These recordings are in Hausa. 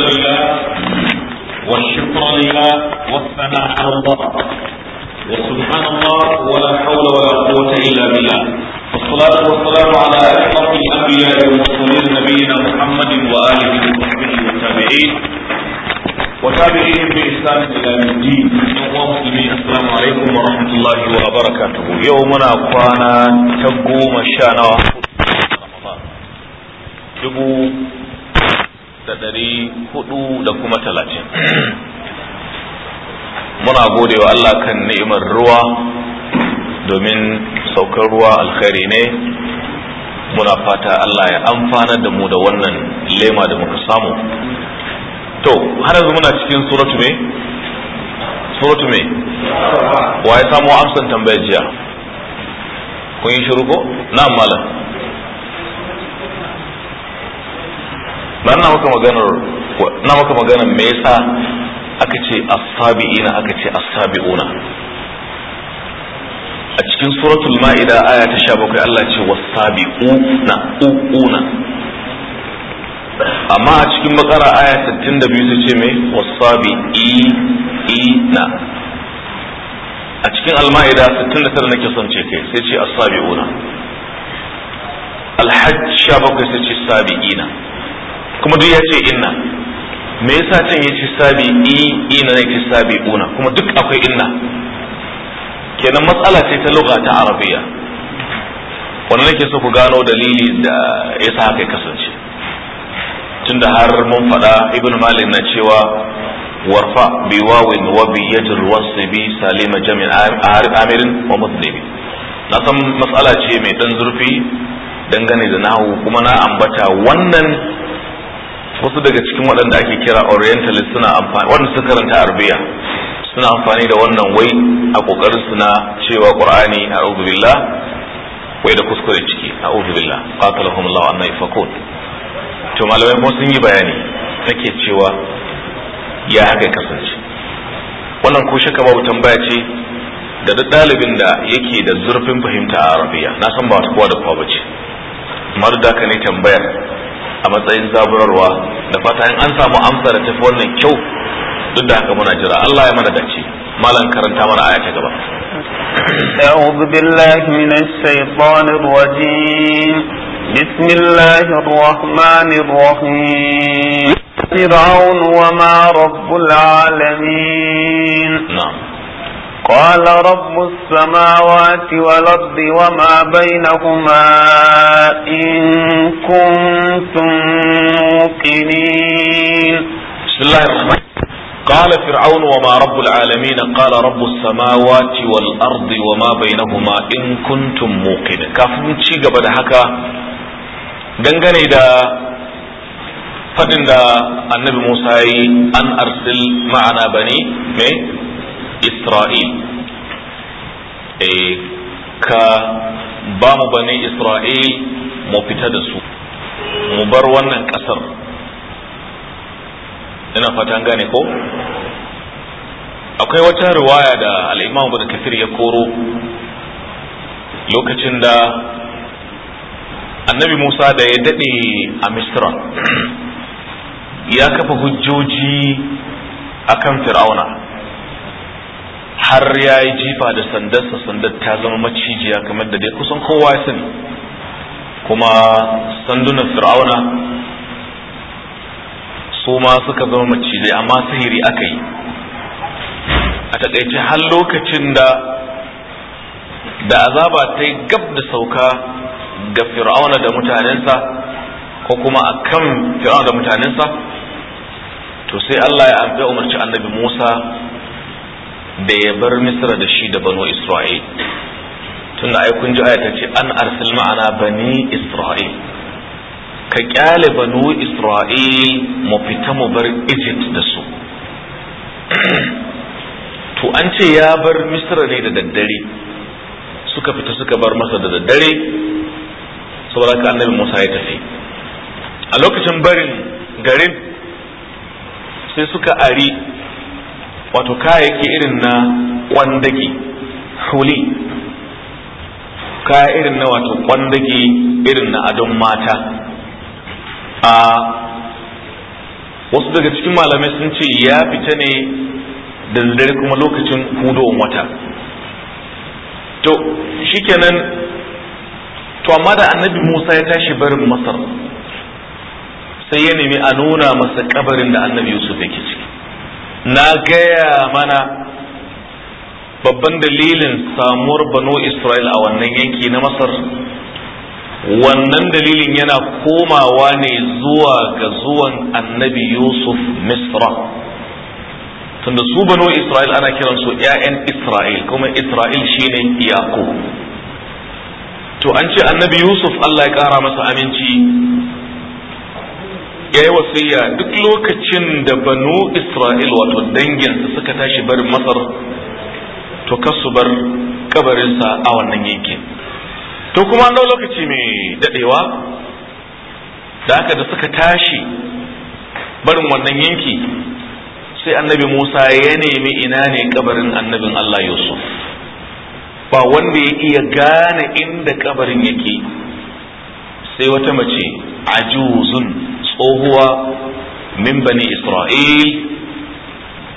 لله والشكر لله والثناء على الله وسبحان الله ولا حول ولا قوة إلا بالله والصلاة والسلام على أشرف الأنبياء والمرسلين نبينا محمد وآله وصحبه والتابعين وتابعيهم بإحسان إلى الدين ومسلمين السلام عليكم ورحمة الله وبركاته يومنا أخوانا تقوم الشانوة رمضان da ɗari hudu da kuma talatin muna gode wa Allah kan ni'imar ruwa domin saukar ruwa alkhairi ne muna fata Allah ya amfana da mu da wannan lema da muka samu to har yanzu muna cikin suratu me suratu me wa ya samu amsan tambayar jiya kun yi shiru ko na'am malam dan na maka maganar na maka maganar me yasa aka ce as-sabiina aka ce as-sabiuna a cikin suratul ma'ida aya ta 17 Allah ce was-sabiuna uuna amma a cikin bakara aya 62 sai ce me was-sabiina a cikin al-ma'ida 69 nake son ce kai sai ce as-sabiuna al-hajj 17 sai ce sabiina kuma duk ya ce inna me yasa can ya ci sabi i ina ne ci sabi una kuma duk akwai inna kenan matsala ce ta lugha ta arabiya wannan nake so ku gano dalili da yasa haka ya kasance tunda har mun faɗa ibnu malik na cewa warfa bi wawin wa bi yajr wasbi salima jami'in amirin wa mutlibi na san matsala ce mai dan zurfi dangane da nahu kuma na ambata wannan wasu daga cikin waɗanda ake kira orientalist suna amfani wanda suka karanta arabiya suna amfani da wannan wai a kokarin su na cewa qur'ani a'udhu billah wai da kuskure ciki a'udhu billah qatalahum Allah anna yafakun to malamai kuma sun yi bayani take cewa ya haka kasance wannan ko shaka babu tambaya ce da duk ɗalibin da yake da zurfin fahimta a arabiya na san ba kowa da kowa bace amma duk da ne tambayar a matsayin zaburarwa da fata in an samu amsa da tafi wannan kyau duk da haka muna jira Allah ya mana dace malam karanta mana aya ta gaba أعوذ بالله من الشيطان الرجيم بسم الله الرحمن الرحيم فرعون وما رب العالمين نعم قال رب السماوات والأرض وما بينهما إن كنتم موقنين بسم الله الرحمن قال فرعون وما رب العالمين قال رب السماوات والأرض وما بينهما إن كنتم موقنين كافم تشيغ بدا حكا دنغني دا فدن دا النبي موسى أن أرسل معنا بني مي Isra'il e, ka ba mu bane Isra'il mu fita da su mu bar wannan ƙasar ina fatan gane ko akwai wata riwaya da al'imam da kafir ya koro lokacin da annabi musa da ya daɗe a misra ya kafa hujjoji akan fir'auna har ya yi jifa da sandarsa sandar ta zama macijiya kamar da dai kusan kowa ya kuma sandunan fir'auna su ma suka zama macijai amma sihiri aka yi a taƙaice har lokacin da da azaba ta yi gab da sauka ga fir'auna da mutanensa ko kuma a kan fir'auna da mutanensa to sai allah ya umarci annabi musa da ya bar misra da shi da banu isra'il tunda ai kun ji ce an arsil ma'ana bani isra'il ka kyale banu isra'il mu fita mu bar egypt da su to an ce ya bar misra ne da daddare suka fita suka bar masa da daddare saboda ka annabi musa ya tafi a lokacin barin garin sai suka ari wato kayayyaki irin na kwandage huli kaya irin na wato kwandage irin na adon mata a wasu daga cikin malamai sun ce ya fita ne da kuma lokacin hudowar wata to shikenan to amma da annabi musa ya tashi barin masar sai ya nemi a nuna masa kabarin da annabi yusuf yake ci na gaya mana babban dalilin samuwar banu isra'il a wannan yanki na masar wannan dalilin yana komawa ne zuwa ga zuwan annabi yusuf misra tunda su banu isra'il ana kiransu 'ya'yan isra'il kuma isra'il shine iyako to an ce annabi yusuf allah ya kara masa aminci ya yi wasiya duk lokacin da banu isra'il wato danginsa suka tashi barin masar to kasu bar kabarinsa a wannan yankin to kuma an lokaci mai dadewa da aka da suka tashi barin wannan yanki sai annabi musa ya nemi ina ne kabarin annabin allah yusuf ba wanda ya iya gane inda kabarin yake sai wata mace ajuzun tsohuwa min bani isra'il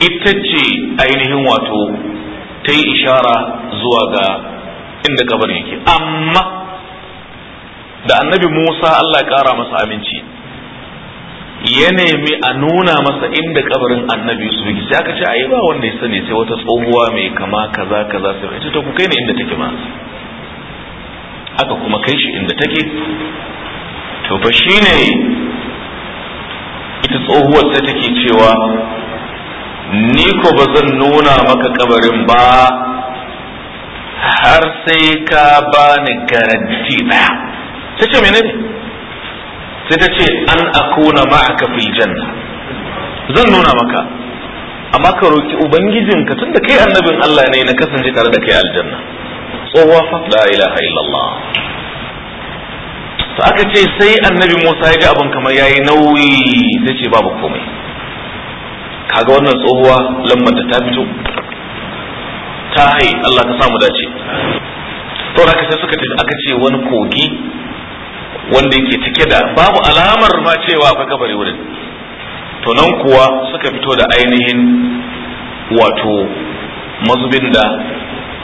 ita ce ainihin wato ta yi ishara zuwa ga inda kabar yake amma da annabi musa allah kara masa aminci ya nemi a nuna masa inda kabarin annabi su biki sai aka ce a yi ba wanda ya sani sai wata tsohuwa mai kama kaza kaza sai ita ta ku kai ne inda take ma aka kuma kai shi inda take to fa shine ita tsohuwar ta take cewa ni ko ba zan nuna maka kabarin ba har sai ka bani garanti daya ta ce menene sai ta ce an akuna ma'aka fil janna zan nuna maka amma ka roki ubangijinka tunda kai annabin Allah ne na kasance tare da kai aljanna tsohuwa fa la ilaha illallah to aka ce sai annabi Musa ya ji abin kamar yayi nauyi sai ce babu komai kaga wannan tsohuwa lambar ta ta fito ta hai Allah ka samu dace to da sai suka tafi aka ce wani kogi wanda yake cike da babu alamar ma cewa akwai kabari wurin to nan kuwa suka fito da ainihin wato mazubin da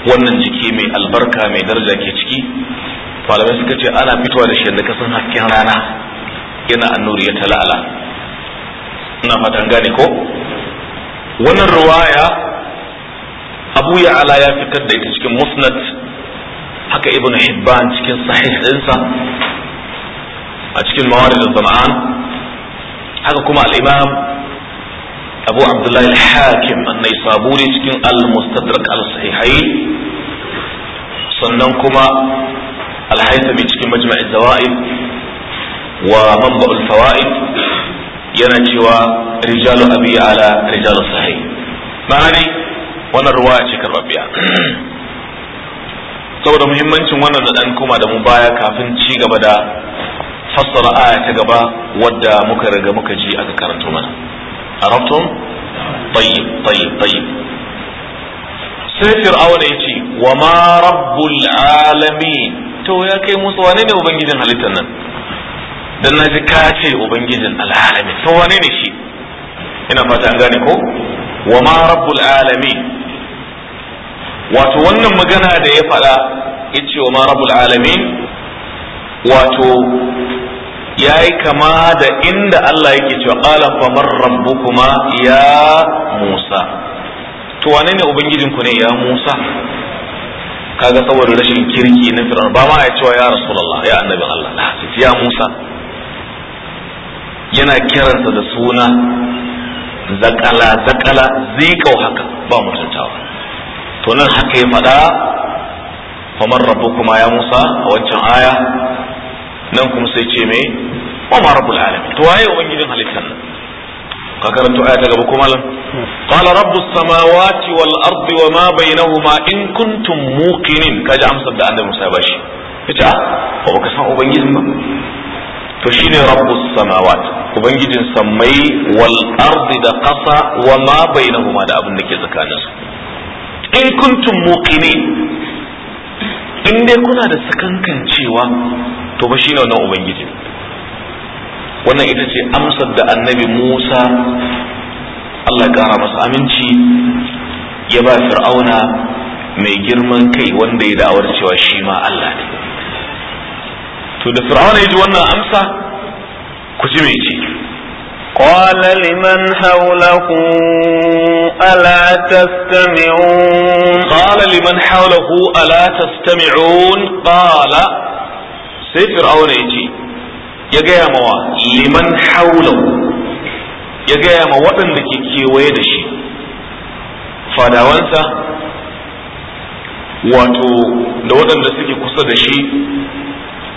wannan jiki mai albarka mai daraja ke ciki malamai suka ce ana fitowa da shi yadda kasan rana yana annuri ya tala'ala ina fatan gane ko wannan ruwaya abu ya ala ya fitar da ita cikin musnad haka ibn hibban cikin sahih ɗinsa a cikin mawarid zama'an haka kuma al abu abdullahi al-hakim annai saburi cikin al-mustadrak al-sahihai sannan kuma alhaisami cikin majma'in zawa'id wa manba'ul fawaid yana cewa rijalu abi ala rijalu sahih ma'ana ne wannan ruwa ce karbabbiya saboda muhimmancin wannan da kuma da mu baya kafin ci gaba da fassara aya ta gaba wadda muka riga muka ji aka karanto mana arabtum tayyib tayyib tayyib sai fir'auna ya ce wa ma rabbul alami to ya kai musu wane ne ubangijin halittar nan dan na naji ka ce ubangijin alalamin to wane ne shi ina fata an gane ko wa ma rabbul alami wato wannan magana da ya faɗa yace wa ma rabbul alami wato yayi kama da inda Allah yake cewa qala famar rabbukuma ya Musa to wane ne ku ne ya Musa kaga saboda rashin kirki na fir'aun ba ma ya cewa ya rasulullah ya annabi Allah ya Musa yana kiransa da suna zakala zakala zikau haka ba mutuntawa to nan haka ya faɗa faman kuma ya Musa a wancan aya nan kuma sai ce me wa ma da alamin to waye ubangijin halittar nan ka karanto aya ta gaba ko malam qala rabbus samawati wal ardi wa ma bainahuma in kuntum muqinin kaji amsar da annabi Musa bashi yace ah ba ka san ubangijin ba to shine rabbus samawat ubangijin sammai wal ardi da qasa wa ma bainahuma da abin da ke tsakaninsu in kuntum muqinin in dai kuna da sakankan to ba shine wannan ubangijin wannan ita ce amsar da annabi Musa Allah kara masa aminci ya ba fir'auna mai girman kai wanda ya da'awar cewa shi ma Allah ne to da fir'auna ya ji wannan amsa ku ji mai ce قال لمن حوله ألا تستمعون قال لمن حوله ألا تستمعون قال فرعون يجي ya gaya ma wa liman haulau ya gaya ma waɗanda ke kewaye da shi fadawansa wato da waɗanda suke kusa da shi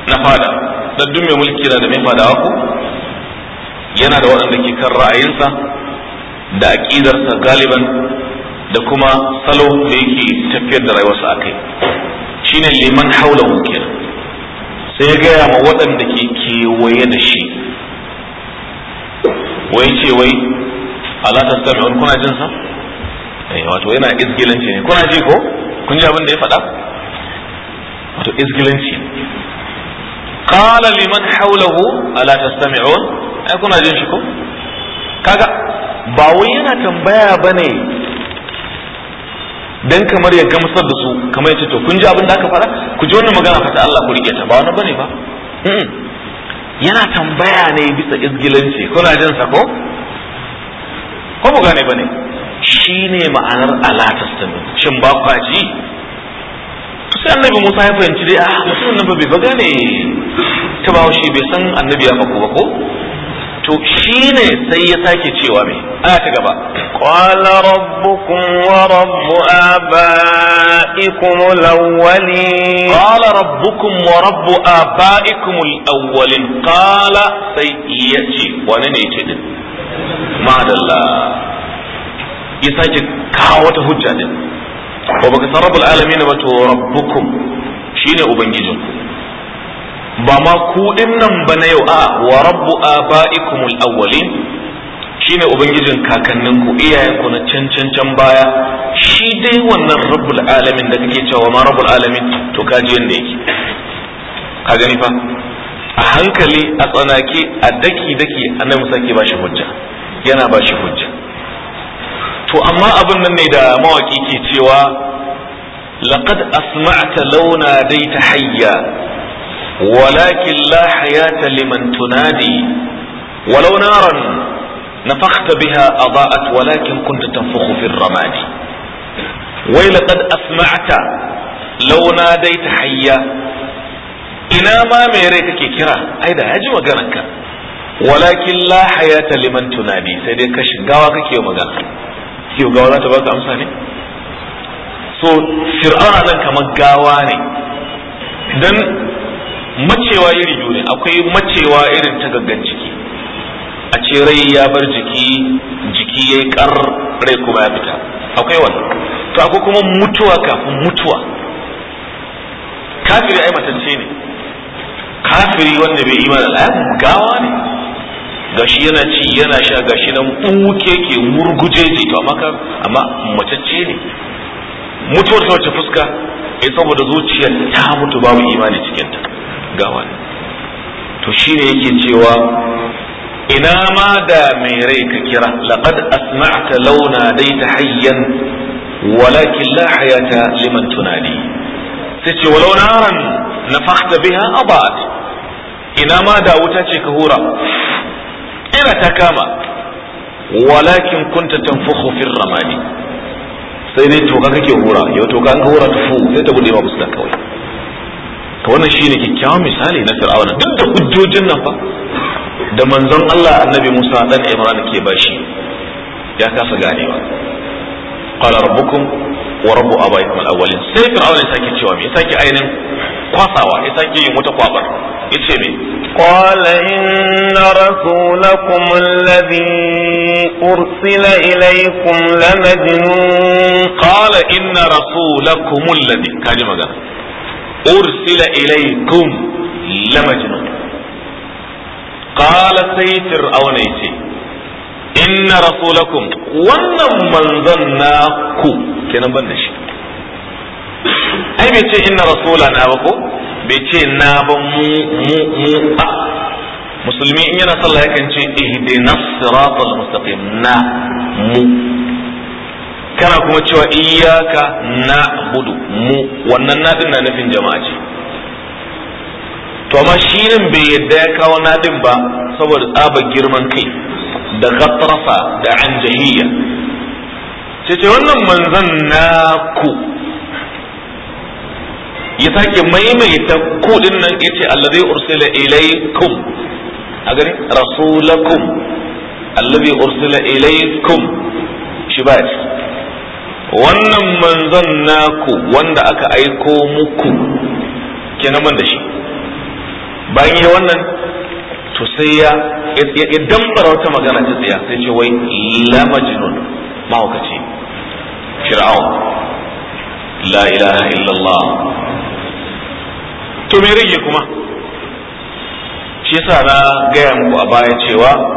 na fada dan duk mai mulki da mai fadawa ku. yana da waɗanda ke kan ra'ayinsa da aƙidarsa galiban da kuma salo da yake tafiyar da rayuwarsa a kai shine liman haulahu kenan sai ya gaya ma waɗanda ke kewaye da shi wai ce wai ala tastami'un kuna jin sa eh, wato yana izgilanci ne kuna ji ko kun ji abin da ya faɗa wato izgilanci qala liman hawlahu ala tastami'un ai eh, kuna jin shi ko kaga ba wai yana tambaya bane dan kamar ya gamsar da su kamar ya ce to kun ji abin da aka faɗa ku ji wannan magana fata Allah ku rike ta ba wani bane ba yana tambaya ne bisa izgilanci kuna jin sa ko ko mu gane bane ne ma'anar ala testament shin ba kwa ji sai annabi Musa ya fahimci dai ah mutum nan bai ba gane ta bawo shi bai san annabi ya faku ba ko to shine sai ya sake cewa mai aya ta gaba qala rabbukum wa rabbu abaikum al-awwalin qala rabbukum wa rabbu abaikum al-awwalin qala sai yace wani ne yake din madalla ya sake kawo wata hujja din ko baka san rabbul alamin ba to rabbukum shine ubangijinku ba ma ku nan ba na yau a wa rabbu abaikumul awwalin shine ubangijin kakanninku iyayenku na can can can baya shi dai wannan rabbul alamin da kake cewa ma rabbul alamin to ji yanda yake ka gani fa a hankali a tsanaki, a daki daki annabi musa ke bashi hujja yana bashi hujja to amma abin nan ne da mawaki ke cewa laqad asma'ta launa dai ta hayya walakin la hayata liman tunadi walau naran نفخت بها أضاءت ولكن كنت تنفخ في الرماد ولقد أسمعت لو ناديت حيا إنا ما ميريتك كرا أيضا هجم مغانك ولكن لا حياة لمن تنادي سيدي كش غواك كيو مغانا كيو غوانا تبقى أمساني so fir'auna nan kamar gawa ne dan macewa iri biyu akwai macewa irin ta gaggan ciki a ce rai ya bar jiki jiki ya yi kar rai kuma ya fita akwai wannan to akwai kuma mutuwa kafin mutuwa kafiri ai matance ne kafiri wanda bai imani da gawa ne gashi yana ci yana sha gashi nan buke ke ji to amma amma matacce ne mutuwar ta wace fuska eh saboda zuciyar ta mutu babu imani cikin ta gawa to shi shine yake cewa ina ma da mai rai ka kira laqad asma'ta launa ta hayyan walakin la hayata liman tunadi sai ce walau naran nafakhta biha abad? ina ma da wuta ce ka hura ina ta kama walakin kunta tanfukhu fi ramani. sai dai toka kake hura yau toka an ka hura tufu sai ta bude ma fuska kawai to wannan shine kyakkyawan misali na fir'auna duk da hujjojin nan fa da manzon Allah annabi Musa dan Imran ke bashi ya kasa ganewa qala rabbukum wa rabbu abaikum al-awwalin sai fir'auna ya sake cewa me ya sake ainin kwasawa ya sake yin wata kwabar yace me qala inna rasulakum alladhi ursila ilaykum lamajnun qala inna rasulakum alladhi kaji magana ursila ilaikum la majnun qala sai fir'auna yace inna rasulakum wannan manzon naku kenan ban da shi ai bai ce inna rasula na ba ko bai ce na ba mu mu mu a musulmi in yana sallah yakan ce ihdinas siratal mustaqim naa muu? kana kuma cewa iyaka na budu mu wannan naɗin na nufin jama'a ce to amma shi nan bai yadda ya kawo naɗin ba saboda tsaba girman kai da gatrafa da anjahiyya ce ce wannan na ku? ya sake maimaita kudin nan ce allazi ursila ilaykum a gani rasulakum allazi ursila ilaykum shi ba wannan manzon naku wanda aka aiko muku kenan man da shi bayan yi wannan to sai ya ya dambara wata magana ta tsaya sai ce wai la majnun mahaukaci shir'au la ilaha illallah to me rage kuma shi yasa na gaya muku a baya cewa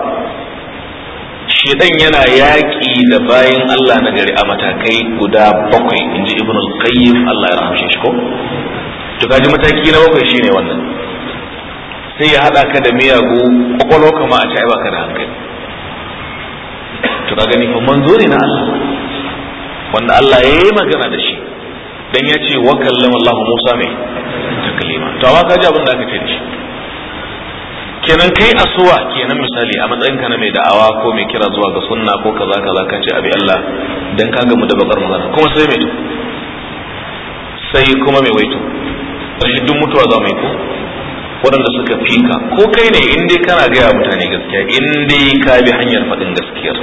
shedan yana yaƙi da bayan Allah na gari a matakai guda bakwai in ji ibn al-qayyim Allah ya rahamshe shi ko to kaji mataki na bakwai shine wannan sai ya hada ka da miyagu kwakwalwa kama a ci ka da hankali to ka gani fa manzo ne na Allah wanda Allah ya yi magana da shi dan ya ce wa kallama Allah Musa mai taklima to amma kaji abin da aka ce da shi kenan kai asuwa kenan misali a matsayinka na mai da'awa ko mai kira zuwa ga sunna ko kaza kaza ka ce abi Allah dan ka gamu da bakar magana kuma sai mai sai kuma mai waito shi duk mutuwa za mai ko waɗanda suka fika ko kai ne in dai kana gaya mutane gaskiya in dai ka bi hanyar faɗin gaskiyar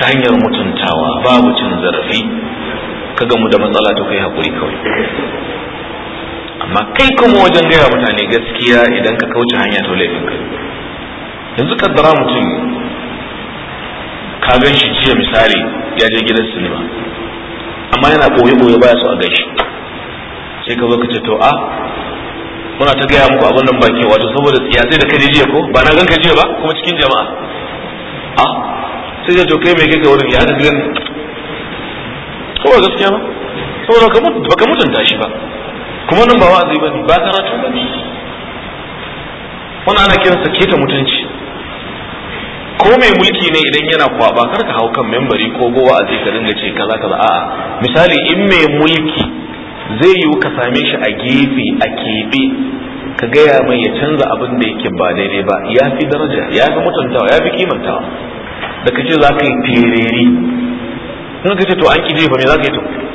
ta hanyar mutuntawa babu cin zarafi ka gamu da matsala ta kai hakuri kawai amma kai kuma wajen gaya mutane gaskiya idan ka kauce hanya to laifin ka yanzu kaddara mutum ka gan shi jiya misali ya je gidan sinima amma yana boye boye baya so a gan shi sai ka zo ka ce to a ah, muna ta gaya muku abin nan ba ke wato saboda ya sai da kai jiya ko ba na gan ka jiya ba kuma cikin jama'a a ah, sai ya to kai mai kai wurin ya gidan? gan ko gaskiya ba saboda ka mutunta shi ba kuma nan ba wa'azi bane ba karatu bane wannan ana kiransa keta mutunci ko mai mulki ne idan yana kwaba kar ka hau kan membari ko go wa'azi ka dinga ce kaza kaza a'a misali in mai mulki zai yiwu ka same shi a gefe a keɓe ka gaya mai ya canza abin da yake ba daidai ba ya fi daraja ya fi mutuntawa ya fi kimantawa da ka ce za ka yi tereri in ka ce to an ki jefa me za ka yi to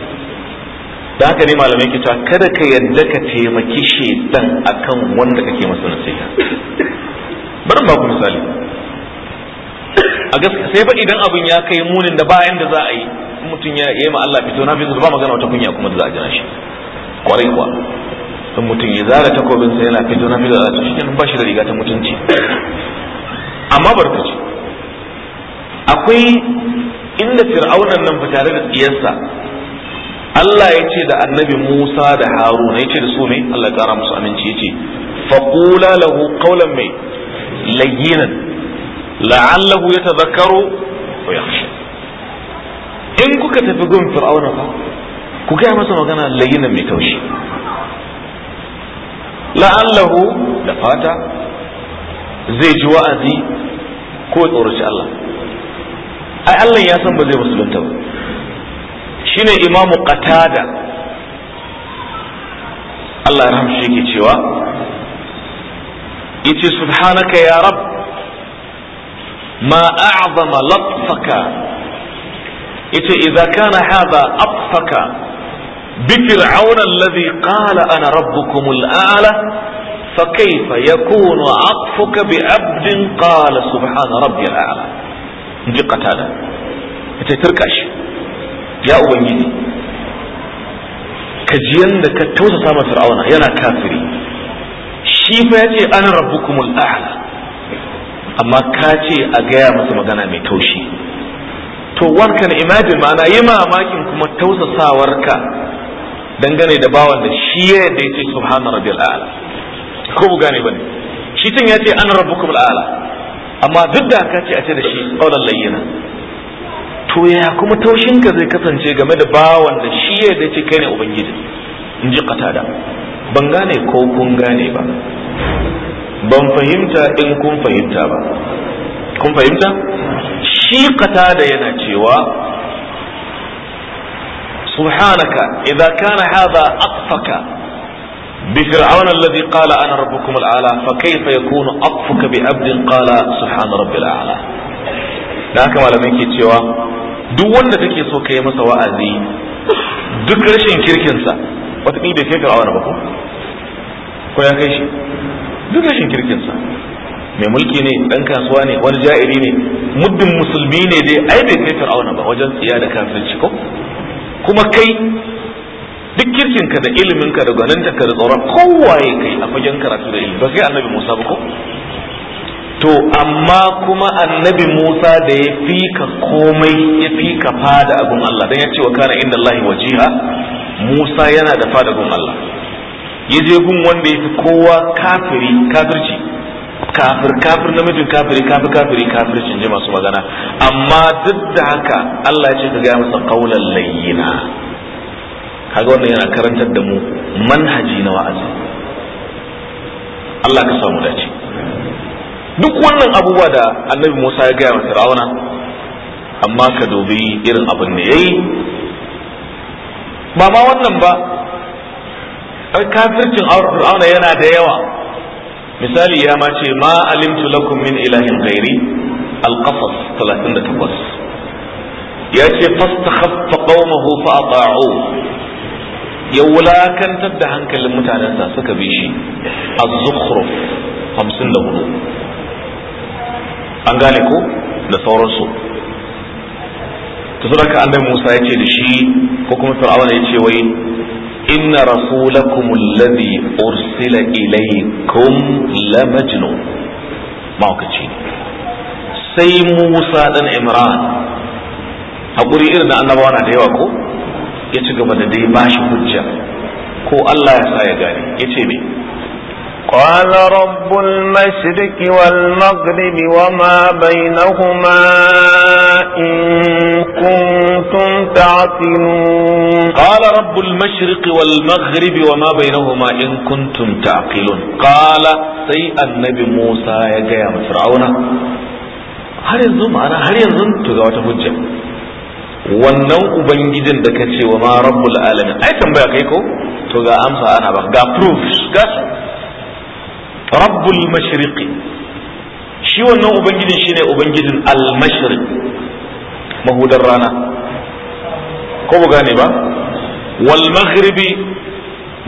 da haka ne malamai ke cewa kada ka yadda ka taimaki shedan akan wanda kake masa nasiha bari ba ku misali a gaskiya sai fa idan abin ya kai munin da bayan da za a yi mutum ya yi ma Allah fito na fito ba magana wata kunya kuma da za a jira shi kwarai kuwa in mutum ya zara takobin sa yana fito na fito da zata shi ba shi da riga ta mutunci amma barkaci akwai inda fir'aunan nan fitare tare da tsiyarsa Allah ya ce da annabi Musa da Haruna ya ce da su ne Allah ya kara musu aminci ya ce faƙula lahu ƙaulan mai layyinan la'allahu ya tazakaro ko ya in kuka tafi gun fir'auna fa ku gaya masa magana layyinan mai taushi la'allahu da fata zai ji wa'azi ko ya tsoraci Allah ai Allah ya san ba zai musulunta ba shine imamu qatada Allah ya shi ke cewa yace subhanaka ya rab ma a'zama latfaka yace idza kana hadha atfaka bi fir'aun alladhi qala ana rabbukum al'ala فكيف يكون عطفك بعبد قال سبحان ربي الأعلى نجي قتادة تتركش ya ubangiji ka ji yanda ka tausa masa fir'auna yana kafiri shi fa yace ana rabbukumul a'la amma ka ce a gaya masa magana mai taushi to one can imagine ma'ana yi mamakin kuma tausasawarka dangane da bawan da shi ya da yace subhana rabbil a'la ko bu gane bane shi tun yace ana rabbukumul a'la amma duk da ka ce a ce da shi qawlan layyina to ya kuma taushinka zai kasance game da bawan da shi ya da ce kai ne ubangiji in ji katada ban gane ko kun gane ba ban fahimta in kun fahimta ba kun fahimta shi katada yana cewa subhanaka idza kana hadha aqfaka بفرعون الذي قال أنا ربكم الأعلى فكيف يكون أطفك بعبد قال سبحان رب الأعلى da haka malamai ke cewa duk wanda kake so ka yi masa wa'azi duk rashin kirkinsa wata ƙi bai kai ka ba ko ko ya kai shi duk rashin kirkinsa mai mulki ne dan kasuwa ne wani ja'iri ne muddin musulmi ne dai ai bai kai fir'auna ba wajen tsiya da kafirci ko kuma kai duk kirkinka da iliminka da gwaninta ka da tsoron kowaye kai a fagen karatu da ilimi ba kai annabi musa ba ko to amma kuma annabi Musa da ya fi ka komai ya fi ka fada abun Allah dan ya ce wa kana inda Allah wajiha Musa yana da fada abun Allah ya je gun wanda ya fi kowa kafiri kafirci kafir kafir namijin kafiri kafir kafiri kafircin ji masu magana amma duk da haka Allah ya ce ka gaya masa qaulan layyina kaga wannan yana karantar da mu manhaji na wa'azi Allah ka samu dace duk wannan abubuwa da annabi Musa ya gaya wa Fir'auna amma ka dubi irin abin da yayi ba ma wannan ba kafircin Fir'auna yana da yawa misali ya ma ce ma alimtu lakum min ilahin ghairi al 38 ya ce fastakhaffa qaumahu fa ata'u ya wulakantar da hankalin mutanensa suka bi shi a zukhruf 54 an gane ko da sauransu ta sadaka annabi Musa ya ce da shi ko kuma Fir'auna ya ce wai inna rasulakum alladhi ursila ilaykum la majnun ce sai Musa dan Imran hakuri irin da annabawa na da yawa ko ya ci gaba da dai bashi hujja ko Allah ya sa ya gane ya ce me قال رب المشرك والمغرب وما بينهما إن كنتم تعقلون قال رب المشرق والمغرب وما بينهما إن كنتم تعقلون قال سيء النبي موسى يا جاي فرعون هل يظن أنا هل يظن تزوج حجة wannan ubangijin da ka ce wa ma rabbul alamin ai tambaya kai ko to ga rabbul mashriqi shi wannan ubangijin shine ubangijin al-mashriq mahudar rana ko ba gane ba wal maghribi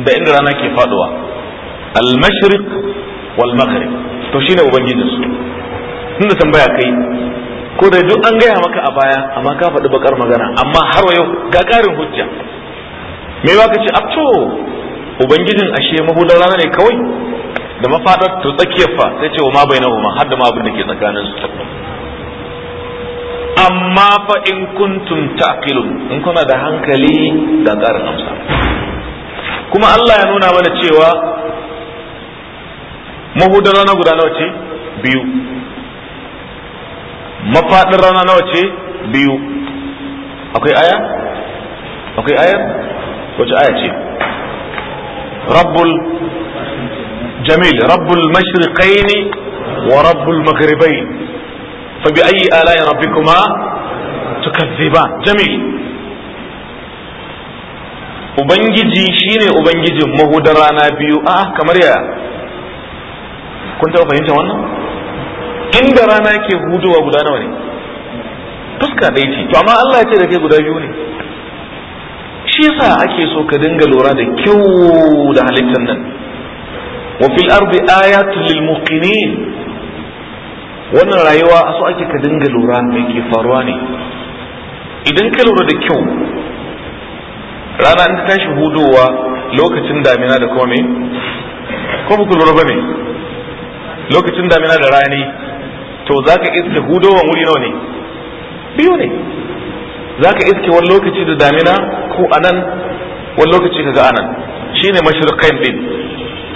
da inda rana ke faduwa al mashriq wal maghrib to shine ubangijin su tunda tambaya kai ko da duk an gaya maka a baya amma ka faɗi bakar magana amma har yau ga ƙarin hujja me ba ka ce a to ubangijin ashe mahudar rana ne kawai da mafaɗar to tsakiyar fa sai ce wa ma bai ma har da ma abin da ke tsakanin su amma fa in kuntum taqilun in kuna da hankali da tsara amsa kuma Allah ya nuna mana cewa mahudar rana guda nawa ce biyu mafadar rana nawa ce biyu akwai aya akwai ayar wace aya ce rabbul جميل رب المشرقين ورب المغربين فبأي آلاء ربكما تكذبان جميل ubangiji shine ubangijin mahudar rana biyu a kamar yaya kun taɓa fahimta wannan inda rana yake hudowa guda nawa ne fuska ɗaya ce to amma Allah ya ce da kai guda biyu ne shi yasa ake so ka dinga lura da kyau da halittar nan wa fil ardi ayatul lil muqinin wannan rayuwa so ake ka dinga lura me ke faruwa ne idan ka lura da kyau rana in tashi hudowa lokacin damina da kuma me ko ku lura ba ne lokacin damina da rani to zaka iske hudowan wuri nawa ne biyu ne zaka iske wani lokaci da damina ko anan wani lokaci ga anan shine mashriqain din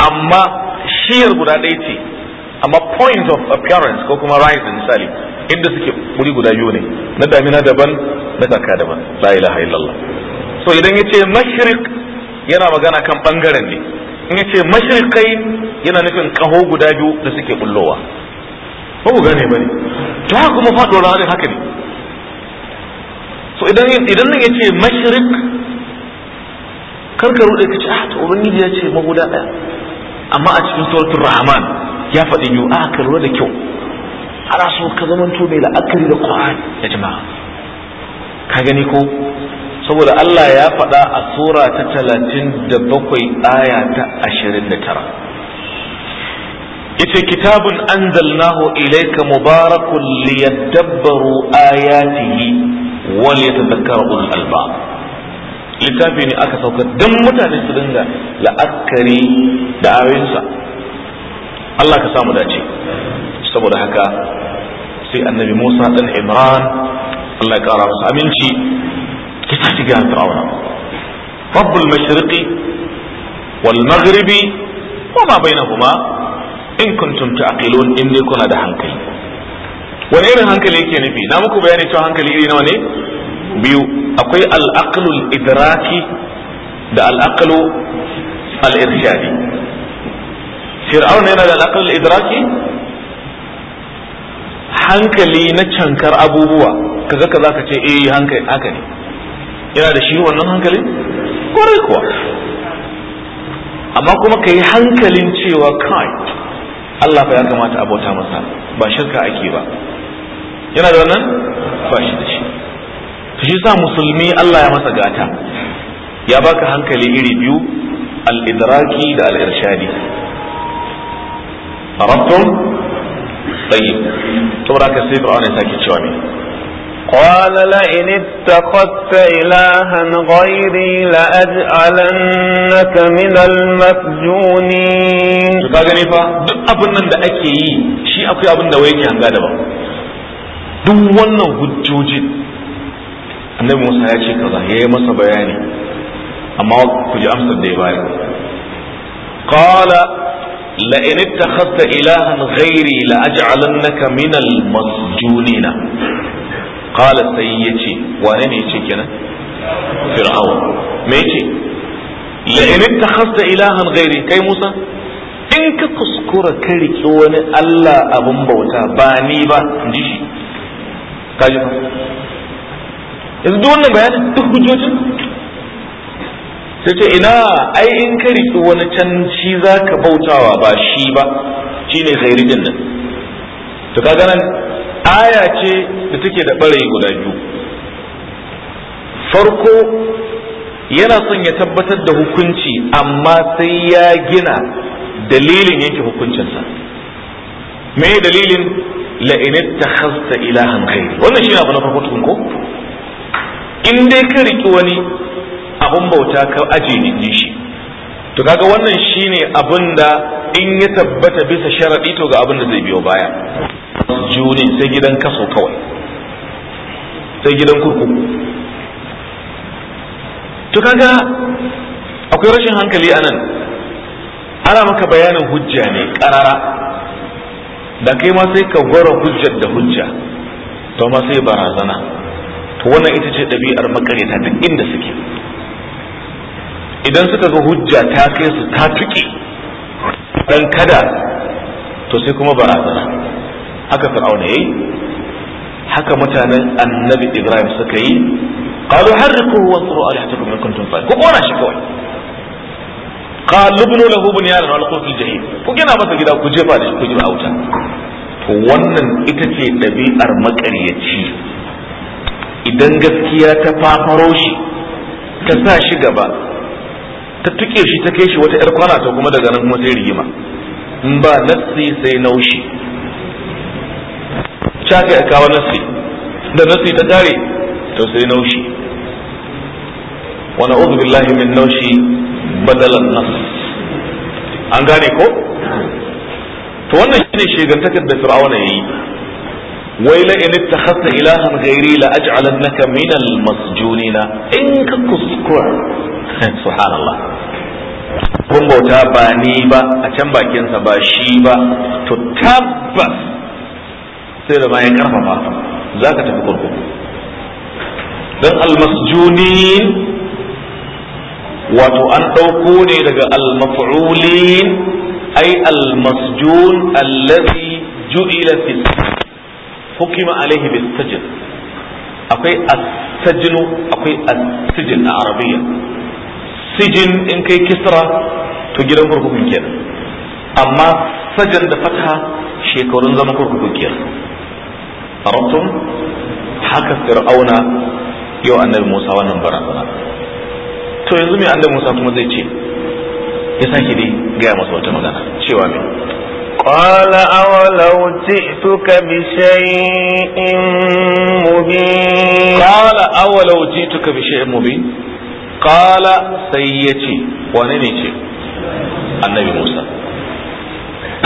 amma shiyar guda ɗaya ce amma point of appearance ko kuma rising misali inda suke wuri guda biyu ne na damina daban na tsaka daban la ilaha illallah so idan yace mashriq yana magana kan bangaren ne in yace mashriqai yana nufin kaho guda biyu da suke bullowa ba ku gane bane to haka kuma faɗo ranar haka ne so idan idan nan yace mashriq karka rude kace ah to ubangiji ya ce maguda daya amma a cikin suratul rahman ya faɗi yu a lura da kyau ana so ka zamanto mai la'akari da qur'ani da jama'a ka gani ko saboda Allah ya faɗa a sura ta talatin da bakwai aya ta ashirin da tara ita kitabun anzalnahu ilayka mubarakun liyadabbaru ayatihi wa liyatadhakkara ul alba. littafi ne aka saukar don mutane su dinga la'akari da ayoyinsa Allah ka samu dace saboda haka sai annabi Musa dan Imran Allah ya kara masa aminci ki ta ga Fir'auna Rabbul Mashriqi wal Maghribi wa ma bainahuma in kuntum ta'qilun in ne kuna da hankali wani irin hankali yake nufi na muku bayani cewa hankali iri nawa ne biyu akwai al'aqlul idraki da al'aqlu al-irshadi fir'aun yana da al'aqlul idraki hankali na cankar abubuwa kaga kaza ka ce eh hankali haka ne yana da shi wannan hankali? kwarai kuwa amma kuma ka yi hankalin cewa kai Allah fa ya kamata abota masa ba shirka ake ba yana da wannan ba shi da shi shi sa musulmi Allah ya masa gata ya baka hankali iri biyu al-idraki da al-irshadi rabtum tayyib to baraka sai fir'auna ya sake cewa ne قال لئن اتخذت إلها غيري لأجعلنك من المسجونين ka gani fa duk abin nan da ake yi shi akwai abin da wai yake hanga duk wannan hujjojin annabi musa ya ce kaza ya yi masa bayani amma ku ji amsar da ya bayar qala la in ilahan ghairi la aj'alannaka min al masjunina qala sai yace wane ne yace kenan fir'aun me yace la in ittakhadta ilahan ghairi kai musa in ka kuskura ka riki wani Allah abin bauta ba ni ba in ji shi yanzu duk wannan bayanin duk hujjojin sai ce ina ai in ka riƙi wani canci shi za ka bautawa ba shi ba shi ne khairijin nan to ka nan aya ce da take da ɓarayi guda biyu farko yana son ya tabbatar da hukunci amma sai ya gina dalilin yanke hukuncinsa me dalilin la in ilahan ghairi wannan shi abu na farko tukun ko in dai ka riki wani abun bauta ka aje ni shi to kaga wannan shine abin da in ya tabbata bisa sharadi to ga abin da zai biyo baya juni sai gidan kaso kawai sai gidan kurkuku to kaga akwai rashin hankali anan ana maka bayanin hujja ne karara da kai ma sai ka gwara hujjar da hujja to ma sai barazana to wannan ita ce ɗabi'ar makareta duk inda suke idan suka ga hujja ta kai su ta tuƙi. dan kada to sai kuma ba azara haka fir'auna yayi haka mutanen annabi ibrahim suka yi qalu harriquhu wasru alihatakum in kuntum fa'ilin ko kona shi kawai qalu ibnu lahu bunyanan wal qul jahim ku gina masa gida ku jefa da shi ku jira auta to wannan ita ce ɗabi'ar makaryaci idan gaskiya ta fafaro shi ta sa shi gaba ta tuke shi ta kai shi wata yar kwana ta kuma daga nan kuma sai rigima in ba nassi sai naushi ta kai kawo nassi da nassi ta tare to sai naushi wa na'udhu billahi min naushi badalan nas an gane ko to wannan shine shegantakar da fir'auna yayi waila in ittakhadta ilahan ghairi la aj'alannaka min al-masjunina in ka kuskura subhanallah kun bauta ba ni ba a can bakinsa ba shi ba to tabbas sai da bayan karfafa za ka tafi kurkuku don almasjunin wato an ɗauko ne daga almaf'ulin ai almasjun allazi ju'ila fi hukima alaihi bis sijn akwai as-sajnu akwai as-sijn a arabiya sijin in kai kisra to gidan kurkukun kenan amma sajan da fatha shekarun zaman kurkukun kenan arabtum haka fir'auna yau annabi Musa wannan barazana to yanzu me annabi Musa kuma zai ce ya sake dai gaya masa wata magana cewa me قال أولو جئتك بشيء مبين قال أولو جئتك بشيء مبين قال سيتي وننيتي النبي موسى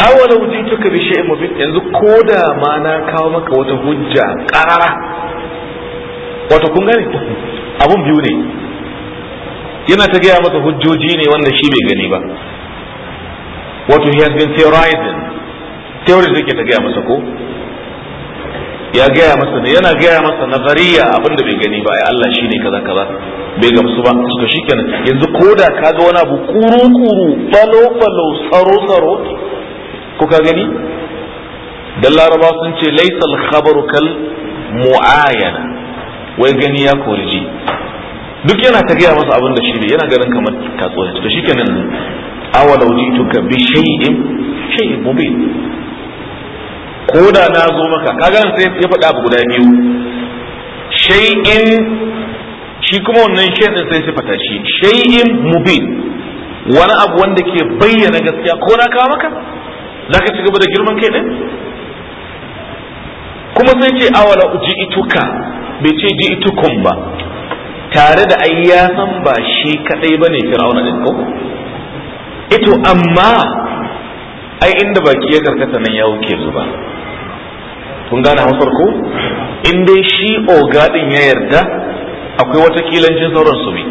أولو جئتك بشيء مبين ينزو كودا ما ناكاومك وتهجا قرارا وتكون غني أبو بيوني yana ta gaya masa hujjoji ne wanda shi bai gani ba wato he has been theorizing theories ke ta gaya masa ko ya gaya masa ne yana gaya masa nazariya abin da bai gani ba ai Allah shine kaza kaza bai gamsu ba suka shikenan yanzu koda kaga wani abu kuru kuru balo balo tsaro tsaro ko ka gani da laraba sun ce laisal khabaru kal mu'ayana wai gani ya koriji duk yana ta gaya masa abin da shi ne yana ganin kamar katsuwa to shikenan awalau jituka bi shay'in shay'in mubin ko da na zo maka kaga sai ya faɗa abu guda biyu shay'in shi kuma wannan shay'in sai fata shi shay'in mubin wani abu wanda ke bayyana gaskiya ko na kawo maka zaka ci gaba da girman kai ne kuma sai ce awala ji'ituka bai ce ji'itukum ba tare da ai ya san ba shi kadai bane fir'auna din ko ito amma ai inda baki ya karkata nan ya wuke zuba kun gane hausar ko in dai shi din ya yarda akwai wata kilancin sauran su bi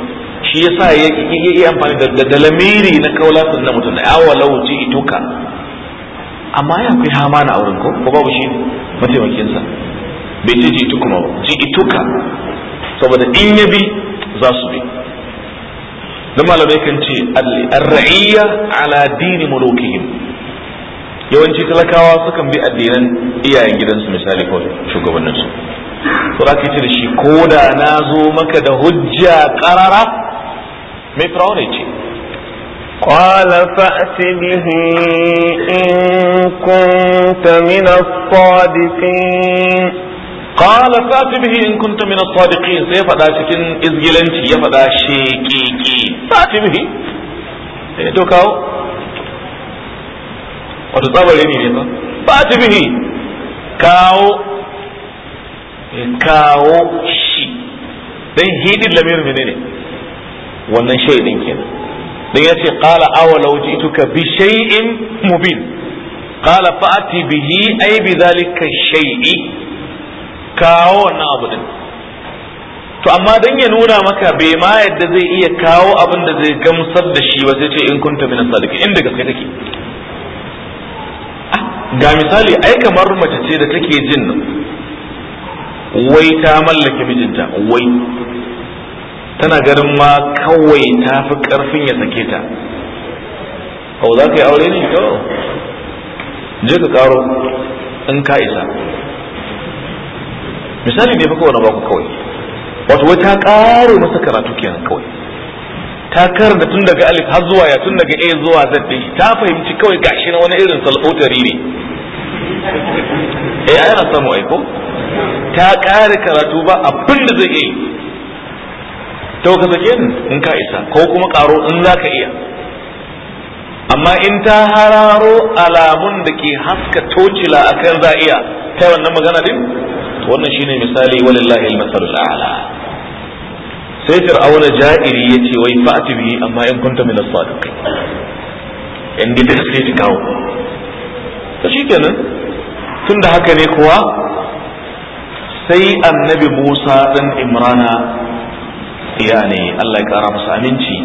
shi yasa ya yi amfani da lamiri na kaulatin na mutum da yawa lauci ituka amma ya akwai hama na auren ko ko babu shi mataimakinsa bai ji ji tukuma ba ji ituka saboda in ya bi za su bi don malamai kan ce al-ra'iyya ala dini mulukihim yawanci talakawa sukan bi addinan iyayen gidansu misali ko shugabannin su to za ce da shi ko da na zo maka da hujja karara mai firawuna ce قال فأت به إن كنت من الصادقين qala fati bihi in kunta min as-sadiqin sai faɗa cikin izgilanci ya faɗa shekeke fati bihi sai to kawo wato tsabare ne ba fati bihi kawo kawo shi dan hidin lamir menene wannan shaidin kenan dan yace qala awalau ji'tuka bi shay'in mubin qala fa'ati bihi ay bi dhalika shay'i kawo wannan abu din to amma dan ya nuna maka bai ma yadda zai iya kawo abin da zai gamsar da shi ba sai ce in kunta min salik inda gaske take ah, ga misali ai kamar mace ce da take jin wai ta mallake mijinta wai tana ganin ma kawai ta fi karfin ya sake ta au za ka yi aure ne to je ka karo in ka isa misali ne fi kawai na baku kawai wato wai ta ƙare masa karatu kenan kawai ta karanta tun daga alif har zuwa ya tun daga a zuwa z din ta fahimci kawai gashi na wani irin salfotari ne eh ana samu aiko ta ƙare karatu ba abin da zai yi to ka sake in ka isa ko kuma ƙaro in za ka iya amma in ta hararo alamun da ke haska tocila akan za iya ta wannan magana din wannan shine misali walillahi al-masalul a'la sai fir'auna ja'iri yace wai fa'ti bihi amma in kunta min as-sadiq in dai da sai ki kawo to shikenan tunda haka ne kuwa sai annabi Musa dan Imrana iya ne Allah ya kara masa aminci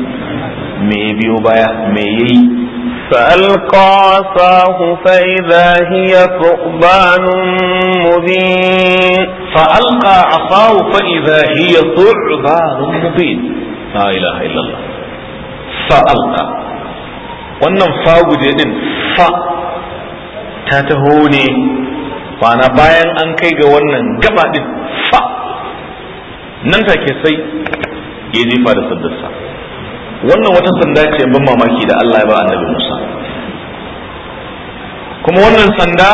me biyo baya me yayi فألقى عصاه فإذا هي ثعبان مبين فألقى عصاه فإذا هي ثعبان مبين لا إله إلا الله فألقى wannan fa guje din fa ta taho ne ma'ana bayan an kai ga wannan gaba din fa nan take sai ya jefa da saddarsa wannan wata sanda ce ban mamaki da Allah ya ba annabi Musa kuma wannan sanda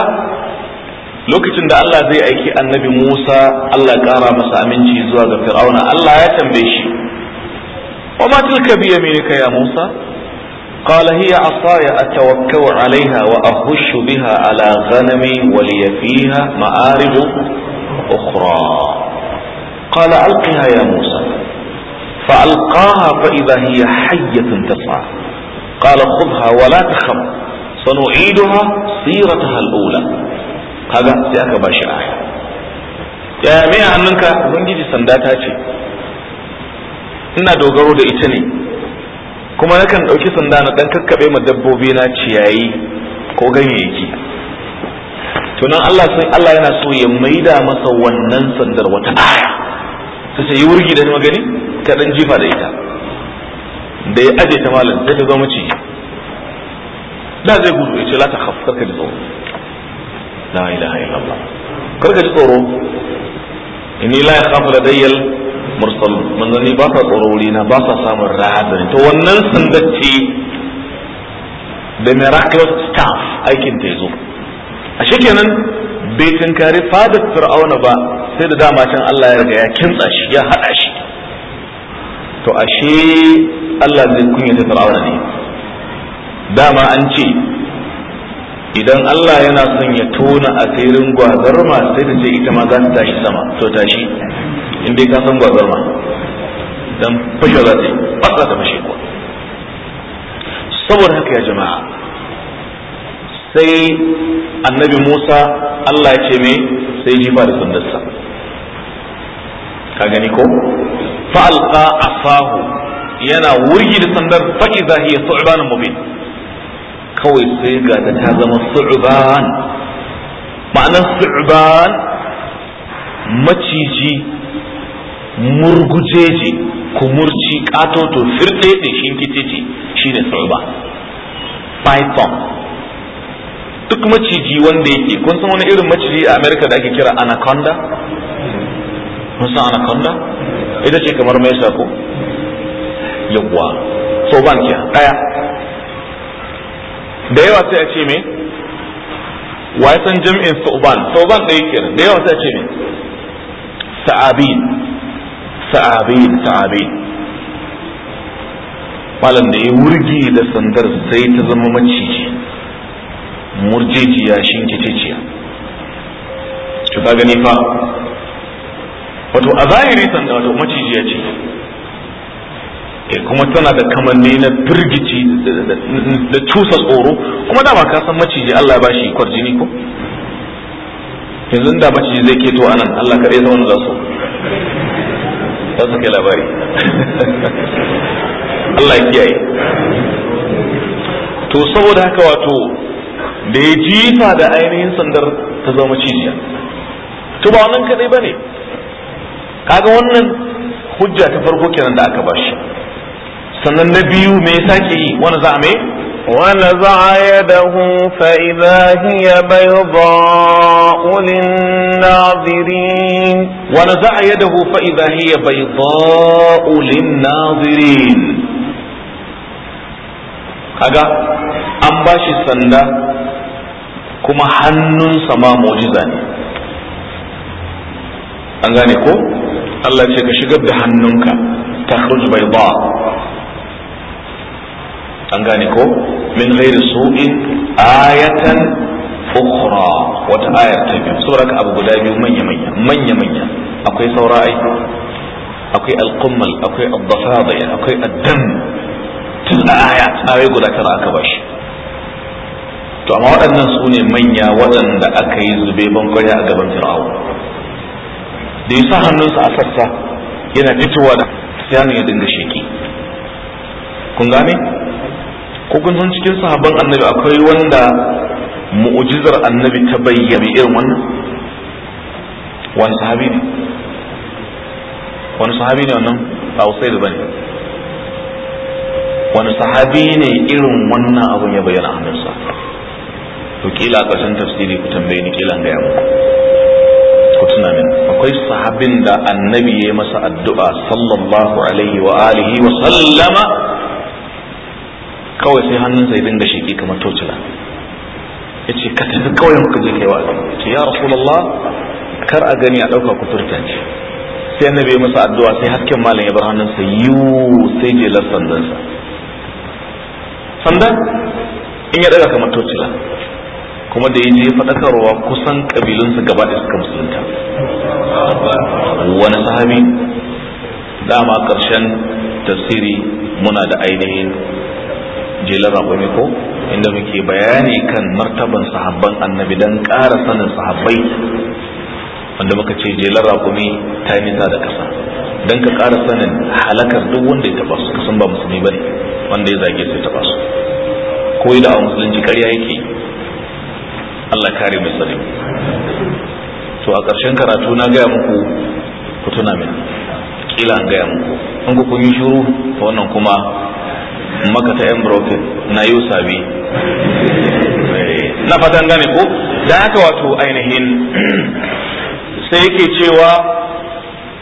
lokacin da Allah zai aiki annabi Musa Allah kara masa aminci zuwa ga Fir'auna Allah ya tambaye shi wa ma tilka bi yaminika ya Musa قال هي عصاي أتوكأ عليها وأهش بها على غنمي ولي فيها مآرب أخرى قال ألقها يا موسى فألقاها فإذا هي حية تسعى قال خذها ولا تخف سنعيدها سيرتها الأولى هذا سيأك باشي يا مي أنك ubangiji sanda ta ce ina dogaro da ita ne kuma nakan ɗauki sanda na ɗan kakkaɓe ma dabbobi na ciyayi ko ganyayyaki tunan Allah sun Allah yana so ya maida masa wannan sandar wata aya ta yi wurgi da magani kaɗan jifa da ita da ya aje ta malam sai ta zama ciki da zai gudu ya ce la ta khaf karka ji tsoro la ilaha illallah karka ji tsoro inni la yakhafu ladayyal mursal ba sa tsoro wuri na ba sa samun rahadari to wannan sandacci da miraculous staff aikin ta zo. a shekenan bai tunkari fadar fir'auna ba sai da dama can Allah ya riga ya kintsa shi ya hada shi to ashe Allah zai kunya ta fir'auna ne dama an ce idan Allah yana son ya tona asirin gwazarma sai ta ce ita ma za ta tashi sama to tashi in dai ka san gwazarma dan fashe za ta yi ba za ta fashe kuwa saboda haka ya jama'a sai annabi Musa Allah ya ce me sai jifa da sandarsa ka gani ko falqa asahu yana wurgi da sandar fa idza hiya su'ubanin mubin kawai sai ga da ta zama su'uban ma'anar su'uban maciji murgujeje kumurci katoto firɗeɗe shi ne su'uba python duk maciji wanda yake kun san wani irin maciji a amerika da ake kira anaconda kun san anaconda ita ce kamar mai sako yawwa ban ke daya da yawa sai a ce me wa ya san jami'in sauban sauban ɗaya kenan da yawa sai a ce me sa'abin sa'abin sa'abin malam da ya wurgi da sandar sai ta zama maciji murjejiya shinkiticiya to ka gani fa wato a zahiri sanda wato macijiya ce eh, kuma tana da kamanni na birgici da cusa tsoro kuma dama ka san maciji Allah ba shi kwarjini ko yanzu da maciji zai keto anan Allah kaɗai sa wani za su za su kai labari Allah ya kiyaye to saboda haka wato da ya jifa da ainihin sandar ta zama macijiya to ba wannan kaɗai ba ne kaga wannan hujja ta farko kenan da aka ba shi sannan na biyu me yasa ke yi wani za me wani za a yi da hun fa’iza hiya bai ba ulin nazirin wani za a yi da hun fa’iza hiya bai ba ulin nazirin kaga an ba shi sanda kuma hannun sama mojiza ne an gane ko Allah ce ka shigar da hannunka ta bai ba an gane ko min ghairi su'in ayatan ukhra wata ayar ta biyu saboda abu guda biyu manya manya manya manya akwai saura ai akwai alqummal akwai ad akwai ad-dam tun Aya ayoyi guda tara aka bashi to amma waɗannan su ne manya waɗanda aka yi zube ban a gaban fir'auna da ya sa hannunsa a sassa yana fitowa da sai hannun ya dinga sheki kun gane ko kun san cikin sahabban annabi akwai wanda mu'ujizar annabi ta bayyana irin wannan wani sahabi ne wani sahabi ne wannan ba wasai da bane wani sahabi ne irin wannan abun ya bayyana hannunsa to kila a ƙarshen tafsiri ku tambaye ni kila ga yamma ku tuna min akwai sahabin da annabi ya masa addu'a sallallahu alaihi wa alihi wa sallama kawai sai hannun sai dinga shiki kamar tocila ya ce ka tafi kawai muka je kai wa'azi ya ce ya rasulallah kar a gani a ɗauka kuturta ce sai annabi ya masa addu'a sai hasken malam ya bar hannun sa yu sai je sandansa sandan in ya daga kamar tocila kuma da je faɗakarwa kusan kabilunsa gaba da suka musulunta wani sahabi dama ƙarshen tasiri muna da ainihin jelar ne ko inda muke bayani kan martaban sahabban annabi don ƙara sanin sahabbai wanda muka ce jelar rakwami ta nisa da ƙasa don ka ƙara sanin halakar duk wanda ya taɓa su kasan ba musulmi ba ne wanda ya zage su taɓa su ko da a musulunci karya yake Allah kare mai tsare to a ƙarshen karatu na gaya muku ku tuna min kila an gaya muku An ku kun yi shiru wannan kuma maka ta yan broken na yau sabi eh, na fatan gane ko da aka wato ainihin sai yake cewa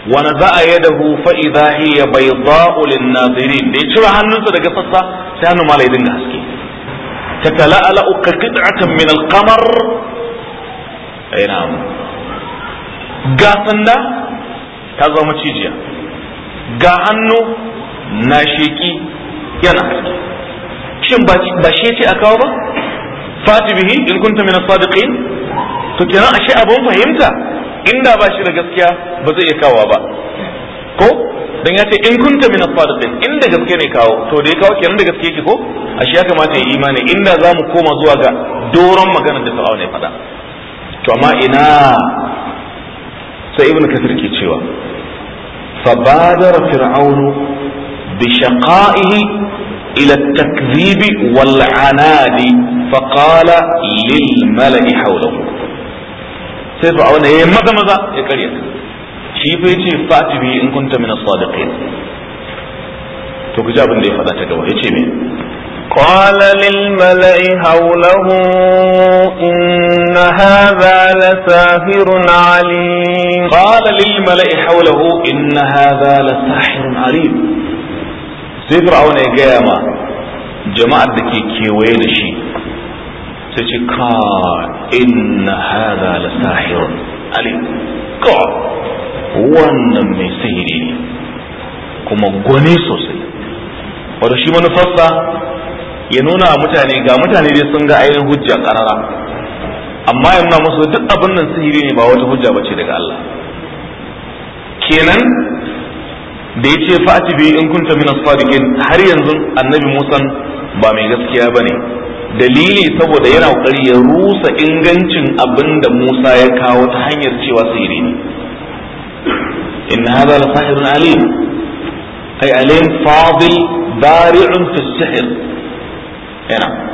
wani za a yi da hufa idza hiya bai za'ulin nazirin da ya cire hannunsa daga sassa sai hannun malai dinga haske تتلألأ كقطعة من القمر أي نعم قاطنا تظهر متشيجيا قاهنو ناشيكي yana haske shin ba shi ce a kawo ba fati bihi in kunta min as-sadiqin to kenan ashe abun fahimta inda ba shi da gaskiya ba zai iya kawo ba ko dan ya ce in kunta min as-sadiqin inda gaske ne kawo to da ya kawo kenan da gaske yake ko ashe ya kamata ya imani inda za mu koma zuwa ga doron magana da fir'auna ya faɗa to amma ina sai ibnu kasir ke cewa فبادر ila takzibi إلى التكذيب والعناد lil malai حوله sai fir'auna ya maza maza ya karya shi fa yace fati bi in kunta min as-sadiqin to ku ji abin da ya faɗa ta gaba yace me قال للملأ حوله إن هذا لساحر عليم قال للملأ حوله إن هذا لساحر عليم sai fir'auna ya gaya ma jama'ar da ke kewaye da shi sai ce ka inna hadha la sahirun alim ka wannan mai sihiri ne kuma gwani sosai wato shi manufarsa ya nuna wa mutane ga mutane dai sun ga ainihin hujja karara amma ya nuna musu duk abin nan sihiri ne ba wata hujja bace daga Allah kenan da ya ce fa'ati bi in kunta min as-sadiqin har yanzu annabi Musa ba mai gaskiya bane dalili saboda yana kokari ya rusa ingancin abinda Musa ya kawo ta hanyar cewa sihiri ne إن هذا لساحر عليم أي عليم فاضل بارع في السحر هنا نعم.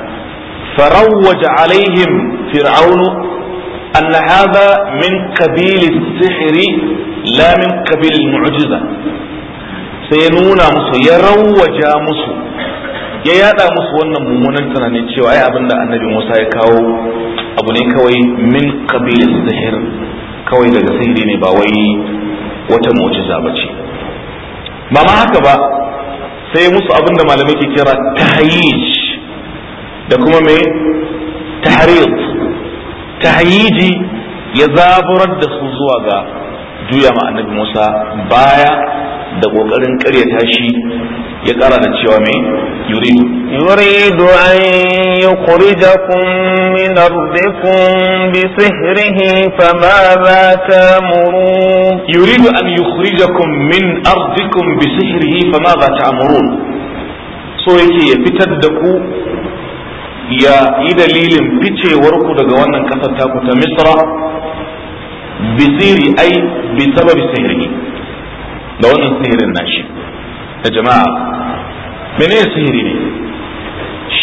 فروج عليهم فرعون أن هذا من قبيل السحر لا من قبيل المعجزة سينونا مصر يروج مسو يا يا musu wannan mummunan tunanin cewa ai abinda annabi Musa ya kawo abu ne kawai min qabilis sihir kawai daga sihiri ne ba wai wata mu'jiza ba ce ba ma haka ba sai musu abin da malamai ke kira tahayyij da kuma mai tahrid tahayyiji ya zaburar da su zuwa ga juya ma annabi Musa baya da kokarin karyata shi ya kara da cewa mai yuridu yuridu an yukhrijakum min ardikum bi sihrihi fama za ta'murun yuridu an yukhrijakum min ardikum bi sihrihi fama za ta'murun so yake ya fitar da ku ya yi dalilin ficewar ku daga wannan kasar taku ta misra bisiri ai bi sababi sihrihi da wannan sihirin nashi da jama'a mene sihiri ne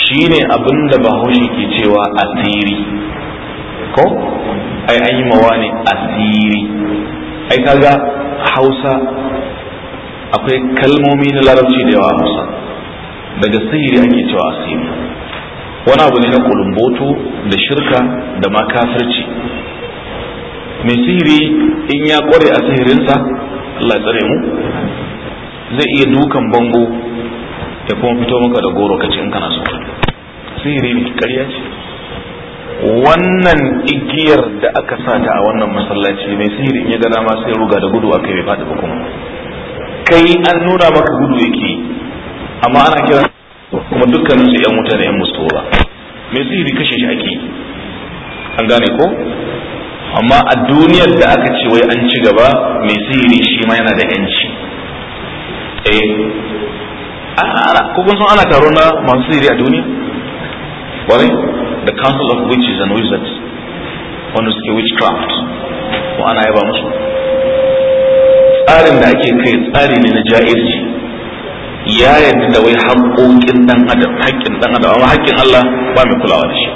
shine abin da bahaushe ke cewa asiri ko ai an yi mawa ne asiri ai kaga hausa akwai kalmomi na larabci da yawa hausa daga sihiri ake cewa asiri wani abu ne na kulumboto da shirka da ma kafirci mai sihiri in ya kware a sihirinsa Allah ya tsare mu zai iya dukan bango ya kuma fito maka da goro kace in kana so sihiri ne ƙarya ce wannan igiyar da aka sa ta a wannan masallaci mai sihiri in ya gana ma sai ruga da gudu a kai bai faɗi ba kuma kai an nuna maka gudu yake amma ana kira kuma dukkanin su yan wuta ne yan musu ba mai sihiri kashe shi ake an gane ko amma a duniyar da aka ce wai an ci gaba mai sihiri shi ma yana da yanci eh ko kun san ana taro na masu sihiri a duniya wani the council of witches and wizards wanda suke witchcraft ko ana yaba musu tsarin da ake kai tsari ne na ja'irci ya yadda da wai haƙoƙin ɗan adam haƙƙin ɗan adam amma haƙƙin Allah ba mai kulawa da shi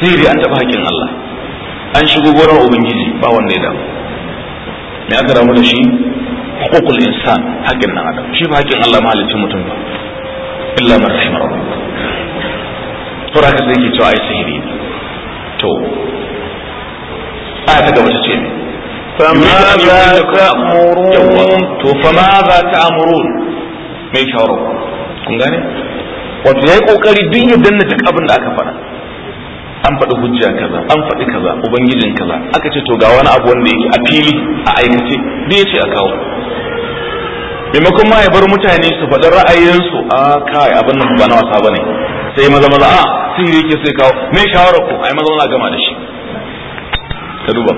sihiri an taɓa haƙƙin Allah an shigo gonar ubangiji ba wanda ya damu me aka damu da shi hukukul insan haƙƙin na adam shi ba haƙƙin Allah mahalicin mutum ba illa shi ma rabbuk to haka sai ke cewa ai sihiri ne to aya ta gaba ta ce ne فماذا za فماذا تأمرون من شاوركم kun gane wato yayi kokari duk ya danna duk abin da aka fara. an faɗi hujja kaza an faɗi kaza ubangijin kaza aka ce to ga wani abu wanda yake a fili a aikace da ya ce a kawo maimakon ma ya bar mutane su faɗi ra'ayinsu a kai abin nan ba na wasa ba ne sai maza maza a sihiri yake sai kawo mai shawarar ku ai maza maza gama da shi ka duba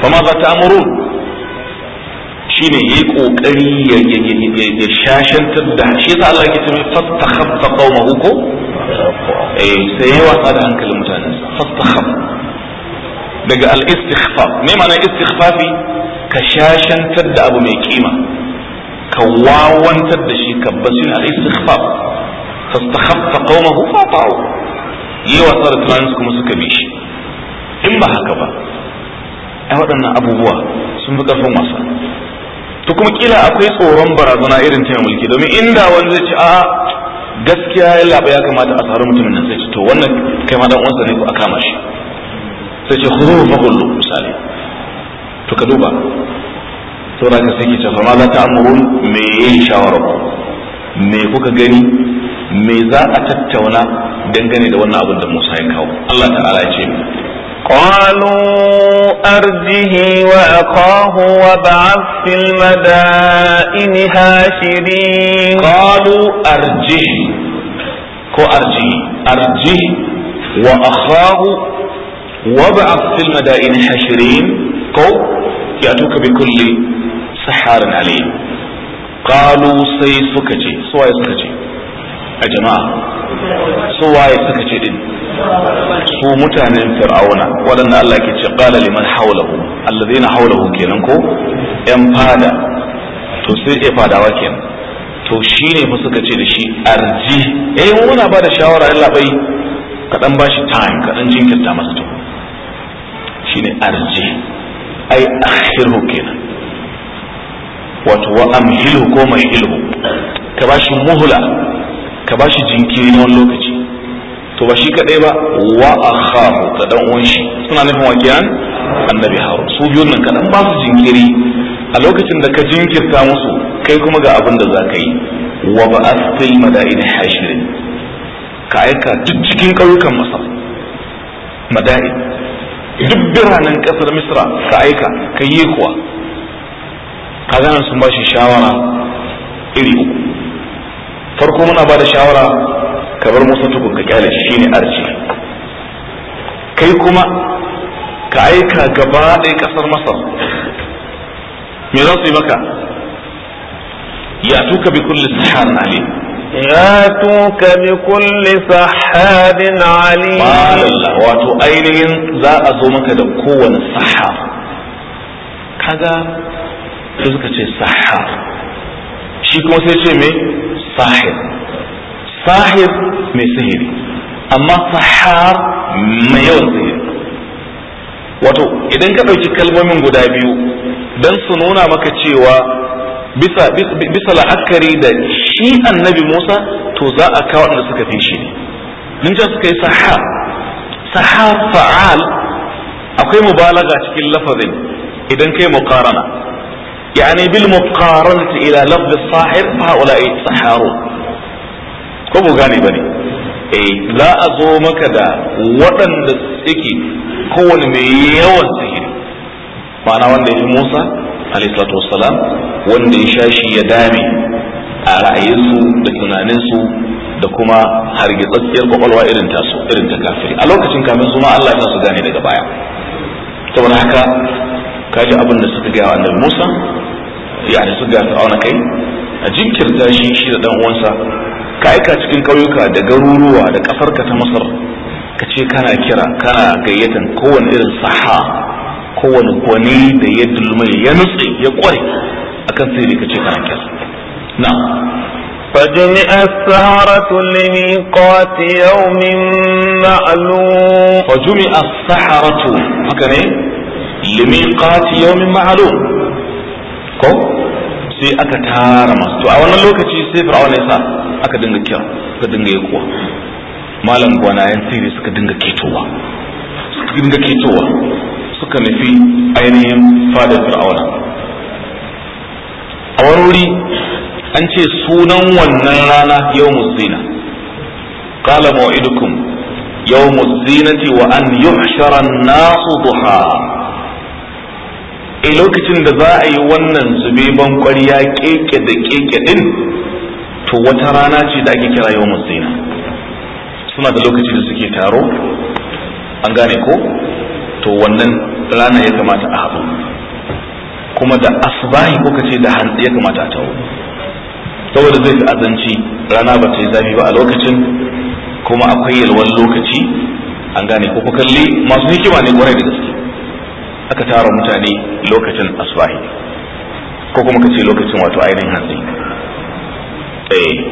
fa ma za ta amuru ya yi kokari ya shashantar da shi yasa Allah yake cewa fastakhaffa qaumahu ko eh sai ya wasa da hankalin mutane fastakhaf daga al-istikhfaf me ma'ana istikhfafi ka shashantar da abu mai kima ka wawantar da shi ka basin al-istikhfaf fastakhaffa qaumahu fata'u yi wasa da tunanin kuma suka bi shi in ba haka ba ai waɗannan abubuwa sun fi ƙarfin wasa to kuma kila akwai tsoron barazana irin ta domin inda wani zai ci a gaskiya ya laba ya kamata a tsaro mutumin nan sai to wannan kai ma dan uwansa ne ko a kama shi sai ce khuzu fa kullu misali to ka duba saboda ka sai ki ce fa ma za ta amurun me yi shawara me kuka gani me za a tattauna dangane da wannan abin da Musa ya kawo Allah ta'ala ya ce قالوا أرجه وأخاه وابعث في المدائن هاشرين قالوا أرجه كو أرجه أرجه وأخاه وابعث في المدائن هاشرين كو يأتوك بكل سحار عليم قالوا سي سكتي سواي يا جماعة سواي سكتي su mutanen fir'auna waɗanda Allah ke ce qala liman hawlahu allazina hawlahu kenan ko yan fada to sai ya fadawa kenan to shine fa suka ce da shi arji eh muna ba da shawara Allah bai ka dan bashi time ka dan jinkirta masa to shine arji ai akhiru kenan wato wa amhilu ko mai ilmu ka bashi muhula ka shi jinkiri na wani lokaci to ba shi kadai ba wa akhahu da dan uwan shi suna nufin wakiyan annabi harun su biyun nan kadan ba su jinkiri a lokacin da ka jinkirta musu kai kuma ga abin da za ka yi wa ba ba'athil madain hashirin ka aika duk cikin ƙauyukan masar madain duk biranen ƙasar misra ka aika ka yi kuwa ka gana sun ba shi shawara iri uku farko muna ba da shawara ka bar musa tukun ka kyale shi shine arji kai kuma ka aika gaba ɗaya ƙasar masar me za su yi maka ya tuka bi kulli sahar ali ya tuka bi kulli saharin ali wato ainihin za a zo maka da kowane sahar kaga sai suka ce sahar shi kuma sai ce me sahir Sahib mai sihiri amma sahar mai yawan wato idan ka ɗauki kalmomin guda biyu don su nuna maka cewa bisa bisa la'akari da shi annabi Musa to za a kawo da suka fi shi ne mun ce suka yi sahar sahar fa'al akwai mubalaga cikin lafazin idan kai muqarana yani bil muqaranati ila lafz sahir fa ula'i saharu ko gane bane eh za a zo maka da waɗanda suke kowane mai yawan sihiri ma'ana wanda ya Musa alaihi salatu wassalam wanda ya shashi ya dame a ra'ayinsu da tunaninsu da kuma hargitsacciyar kwakwalwa irin tasu irin ta kafiri a lokacin kafin su ma Allah ya su gane daga baya saboda haka kaji abin da suka gaya annabi Musa ne suka ga fir'auna kai a jinkirta shi shi da dan uwansa ka aika cikin ƙauyuka da garuruwa da ka ta masar ka ce kana kira kana gayyatan kowane irin saha kowane gwani da ya dulmai ya nutse ya kware akan ne ka ce kana kira na فجمع السهرة لميقات يوم معلوم فجمع السحرة هكذا لميقات يوم معلوم كو sai aka tara masu to a أولا lokaci sai sa aka dinga kira suka dinga yi kuwa malam gwanayen sirri suka dinga ketowa suka dinga ketowa suka nufi ainihin fadar fir'auna a warori an ce sunan wannan rana yau muzina kala ma'idukum yau ce wa an yuhshara nasu duha a lokacin da za a yi wannan zubeban kwarya keke da keke din to wata rana ce da ake kira yawon zina suna da lokaci da suke taro an gane ko to wannan rana ya kamata a haɗu kuma da asbahi ko kace da hantsi ya kamata a taro saboda zai fi azanci rana ba ta yi zafi ba a lokacin kuma akwai yalwan lokaci an gane ko kalli masu hikima ne kwarai da gaske aka tara mutane lokacin asbahi ko kuma kace lokacin wato ainihin hantsi eh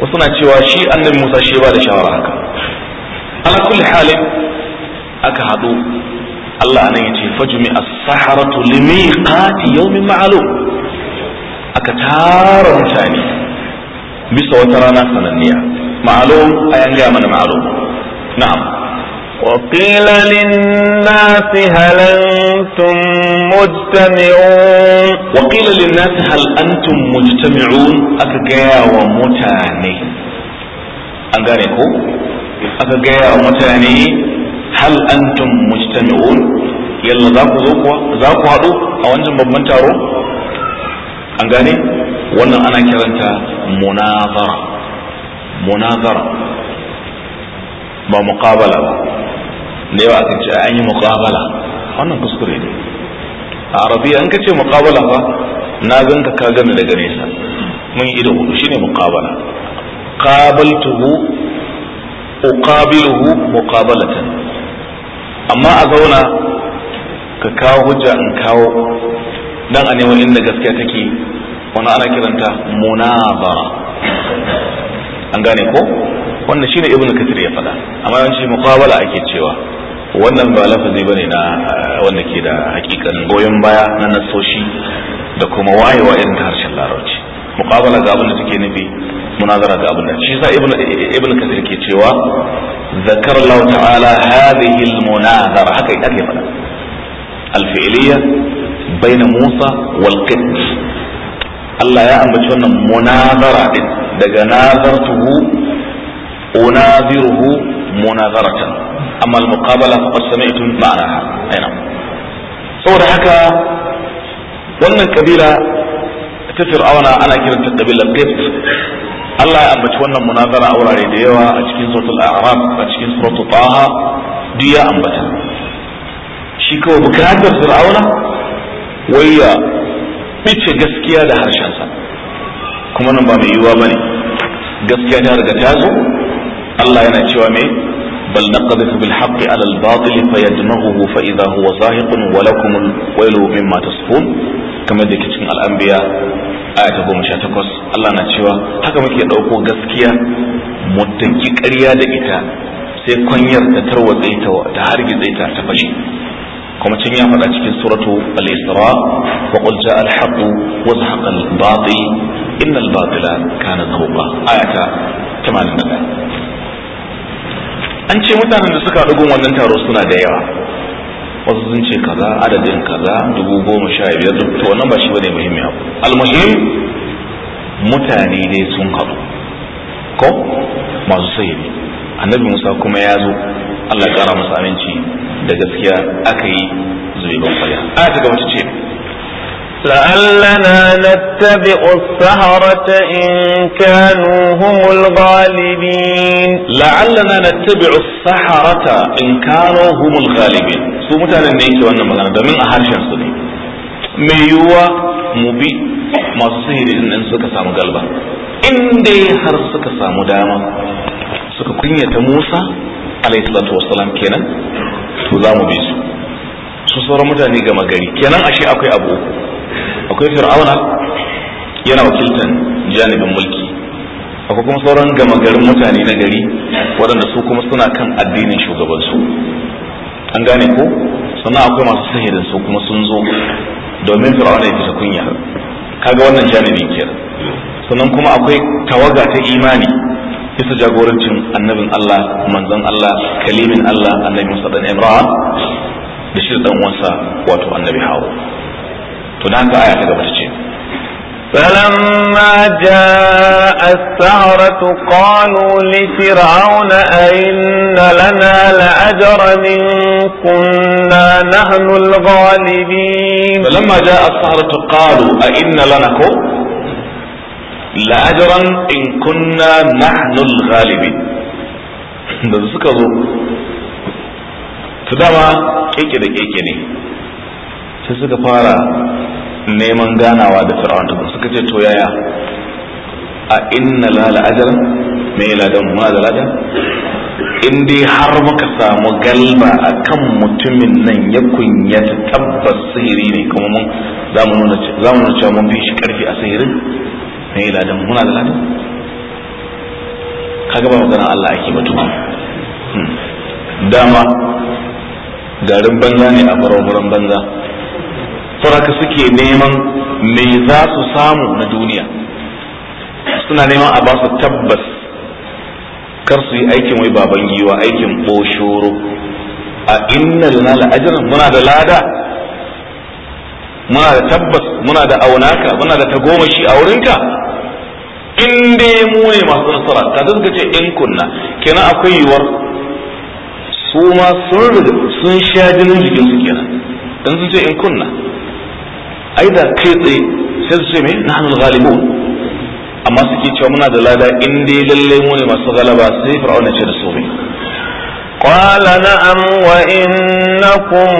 wasu na cewa shi annabi Musa shi ba da shawara haka ala kulli halin aka hadu Allah nan yace fajmi as-saharatu limiqati yawmin ma'lum aka tara mutane bisa wata rana sananniya ma'lum ayan ga mana ma'lum na'am وقيل للناس هل أنتم مجتمعون وقيل للناس هل أنتم مجتمعون أكجا ومتاني أنقاركو أكجا ومتاني هل أنتم مجتمعون يلا ذاكو ذوكوا ذاكو هادو أو أنتم بمنتارو أنقاري وانا أنا كرنتا مناظرة مناظرة ba muqabala ba da yawa aka ce an yi muqabala wannan kuskure ne a arabiya an kace ce muqabala fa na ganka ka gane daga nesa mun yi da hudu shine muqabala qabaltuhu uqabiluhu muqabalatan amma a zauna ka kawo hujja in kawo dan a nemo inda gaskiya take wani ana kiranta munazara an gane ko wannan shine ibnu kathir ya faɗa amma yawanci muqabala ake cewa wannan ba lafazi bane na eh, wanda ke da hakikan goyon baya na nasoshi da kuma wayewa irin ta harshen larabci muqabala ga abin da take nufi munazara ga abin da shi sa ibn ibn kathir ke cewa zakar Allah ta'ala hadhihi al-munazara haka ake fada al-fi'liya Musa wal Allah ya ambaci wannan munazara din daga nazartuhu unaziruhu munazaratan amma al-muqabala faqad sami'tum ma'anaha aina saboda haka wannan kabila ta fir'auna ana kiranta kabilar qibt Allah ya ambaci wannan munazara a wurare da yawa a cikin suratul a'raf a cikin suratul taha duk ya ambata shi kawai bukatar fir'auna wai ya fice gaskiya da harshensa kuma nan ba mai yiwuwa bane gaskiya ta riga ta zo Allah yana cewa me بل نقذف بالحق على الباطل فيدمغه فإذا هو زاهق ولكم الويل مما تصفون كما ذكر الأنبياء aya ta goma sha takwas Allah na cewa haka muke ɗauko gaskiya mu tanki ƙarya da ita sai kwanyar ta tarwatse ta ta ta ta fashe kuma can ya faɗa cikin suratu al-isra wa qul ja'a al innal batila kana zahuqa ta an ce mutanen da suka haɗu wannan taro suna da yawa wasu sun ce kaza adadin kaza dubu goma sha biyar duk to wannan ba shi bane muhimmi abu almuhim mutane ne sun haɗu ko masu ne annabi musa kuma ya zo allah ya kara masa aminci da gaskiya aka yi zuwa ban kwaya a ta gaba ce لعلنا نتبع السهرة إن كانوا هم الغالبين لعلنا نتبع السهرة إن كانوا هم الغالبين su mutanen da yake wannan magana domin a harshen su ne mai yiwuwa mu bi masu sihiri in suka samu galba in dai har suka samu dama suka kunyata Musa alayhi salatu wassalam kenan to za mu bi su su sauran mutane gama gari kenan ashe akwai abu akwai fir'auna yana wakiltan janibin mulki akwai kuma sauran gama garin mutane na gari waɗanda su kuma suna kan addinin shugabansu an gane ko sannan akwai masu sahirin su kuma sun zo domin fir'auna ya fita kunya kaga wannan janibin kenan sannan kuma akwai tawaga ta imani bisa jagorancin annabin Allah manzon Allah kalimin Allah annabi Musa dan Ibrahim da shi dan uwansa wato annabi Hawwa to dan ga aya ta gaba ta ce فلما جاء السحرة قالوا لفرعون أئن لنا لأجرا إن كنا نحن الغالبين فلما جاء السحرة قالوا أئن لنا لأجرا إن كنا نحن الغالبين da suka zo su dama keke da keke ne sai suka fara neman ganawa da ta suka ce to yaya a inna lala ajal me ladan mu da ladan in dai har muka samu galba a kan mutumin nan ya kunyata tabbas sihiri ne kuma mun za mu nuna cewa mun fi shi karfi a sihirin me ladan muna da ladan kaga ba magana Allah ake ba hmm. dama garin banza ne a farawar banza sauraka suke neman me za su samu na duniya suna neman a ba su tabbas kar su yi aikin wai baban giwa aikin boshoro a inna lana la'ajirin muna da lada muna da tabbas muna da aunaka muna da tagomashi a wurinka in dai mu ne masu nasara ka zanga ce in kunna kenan akwai yiwuwar su ma sun sun sha jinin jikinsu kenan dan sun ce in kunna aida kai tsaye sai su ce me nahnu al-ghalibun amma suke cewa muna da lada in dai lalle mu ne masu galaba sai fir'auna ce da su ne قال نعم وإنكم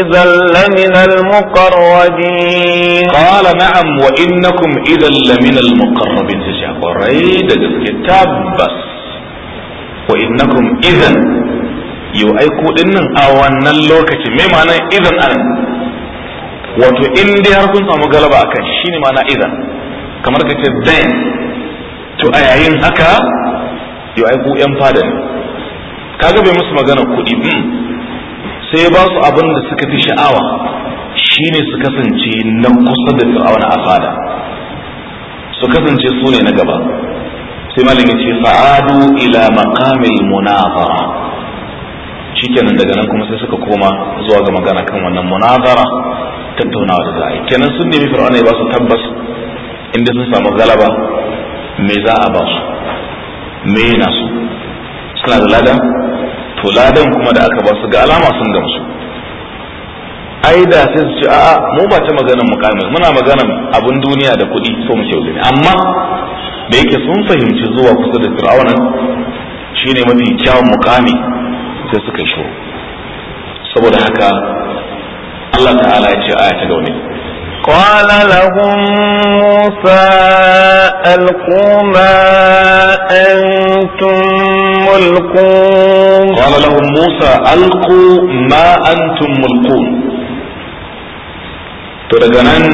إذا لمن المقربين قال نعم وإنكم إذا لمن المقربين تشاقري دجسك تبس وإنكم إذا يو أيكو إنن أو أن اللوكة مما أنا إذا أنا wato in dai har kun samu galaba a kan akan ne mana idan kamar ka ce then to a yayin haka yau ai ku yan fada ne kaga bai musu magana kuɗi hmm, sai ba su abin da suka fi sha'awa Shi ne su kasance na kusa da fir'auna a fada su kasance su ne na gaba sai malin ya ce fa'adu ila maqamil munazara shikenan daga nan kuma sai suka koma zuwa ga magana kan wannan munazara tattaunawa da za a yi kenan sun nemi fir'auna ya ba tabbas inda sun samu galaba me za a ba su me yana su suna da lada to ladan kuma da aka ba su ga alama sun gamsu ai da sai su ce a'a mu ba ta maganar mukamin muna maganar abun duniya da kuɗi so mu shauzi ne amma da yake sun fahimci zuwa kusa da fir'auna shine mafi kyawun mukami sai suka shiru saboda haka Allah ta'ala ya ce aya ta da wani قال لهم موسى ألقوا ما أنتم ملقون قال لهم موسى ألقوا ما أنتم ملقون تدقنن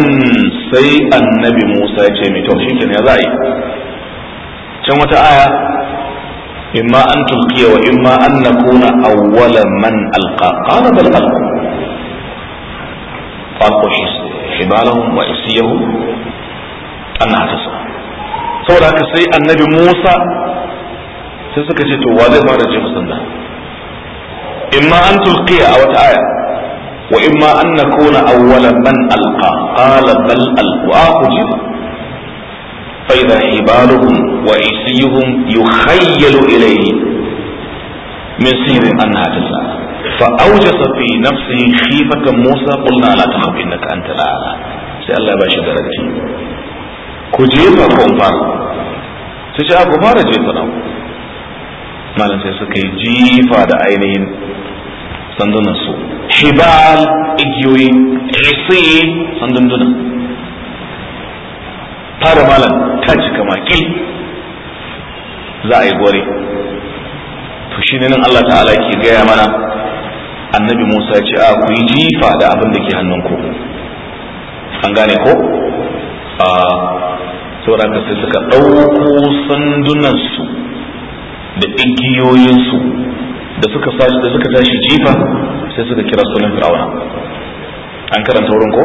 سي النبي موسى يتشمي توشيك يا ذاي كم آية إما أن تلقي وإما أن نكون أول من ألقى قال بل ألقوا فألقوا حبالهم وإسيهم أنها تصل saboda haka sai annabi Musa sai suka ce to wa zai fara ce musanna imma an tulqiya a wata aya wa imma an nakuna awwala man alqa qala bal alqa ujiba fa idha hibaluhum wa isiyuhum yukhayyal ilayhi min sihrihim annaha tas'a fa aujasa fi nafsihi khifatan Musa qulna la takhaf innaka antal a'la sai Allah ya bashi garanti ku jefa ku fara sai ce ku fara jefa na malam sai suka yi jifa da ainihin sandunan su hibal igiyoyi isi dunan fara malam ta cika maki za a yi gore to shine nan Allah ta'ala ke gaya mana annabi musa ya ce a ah, ku yi jifa da abin da ke hannun ku an gane ko a ah, sauran ka sai suka ɗauko sandunansu da igiyoyinsu da suka tashi jifa sai suka kira sunan fir'auna an karanta wurin ko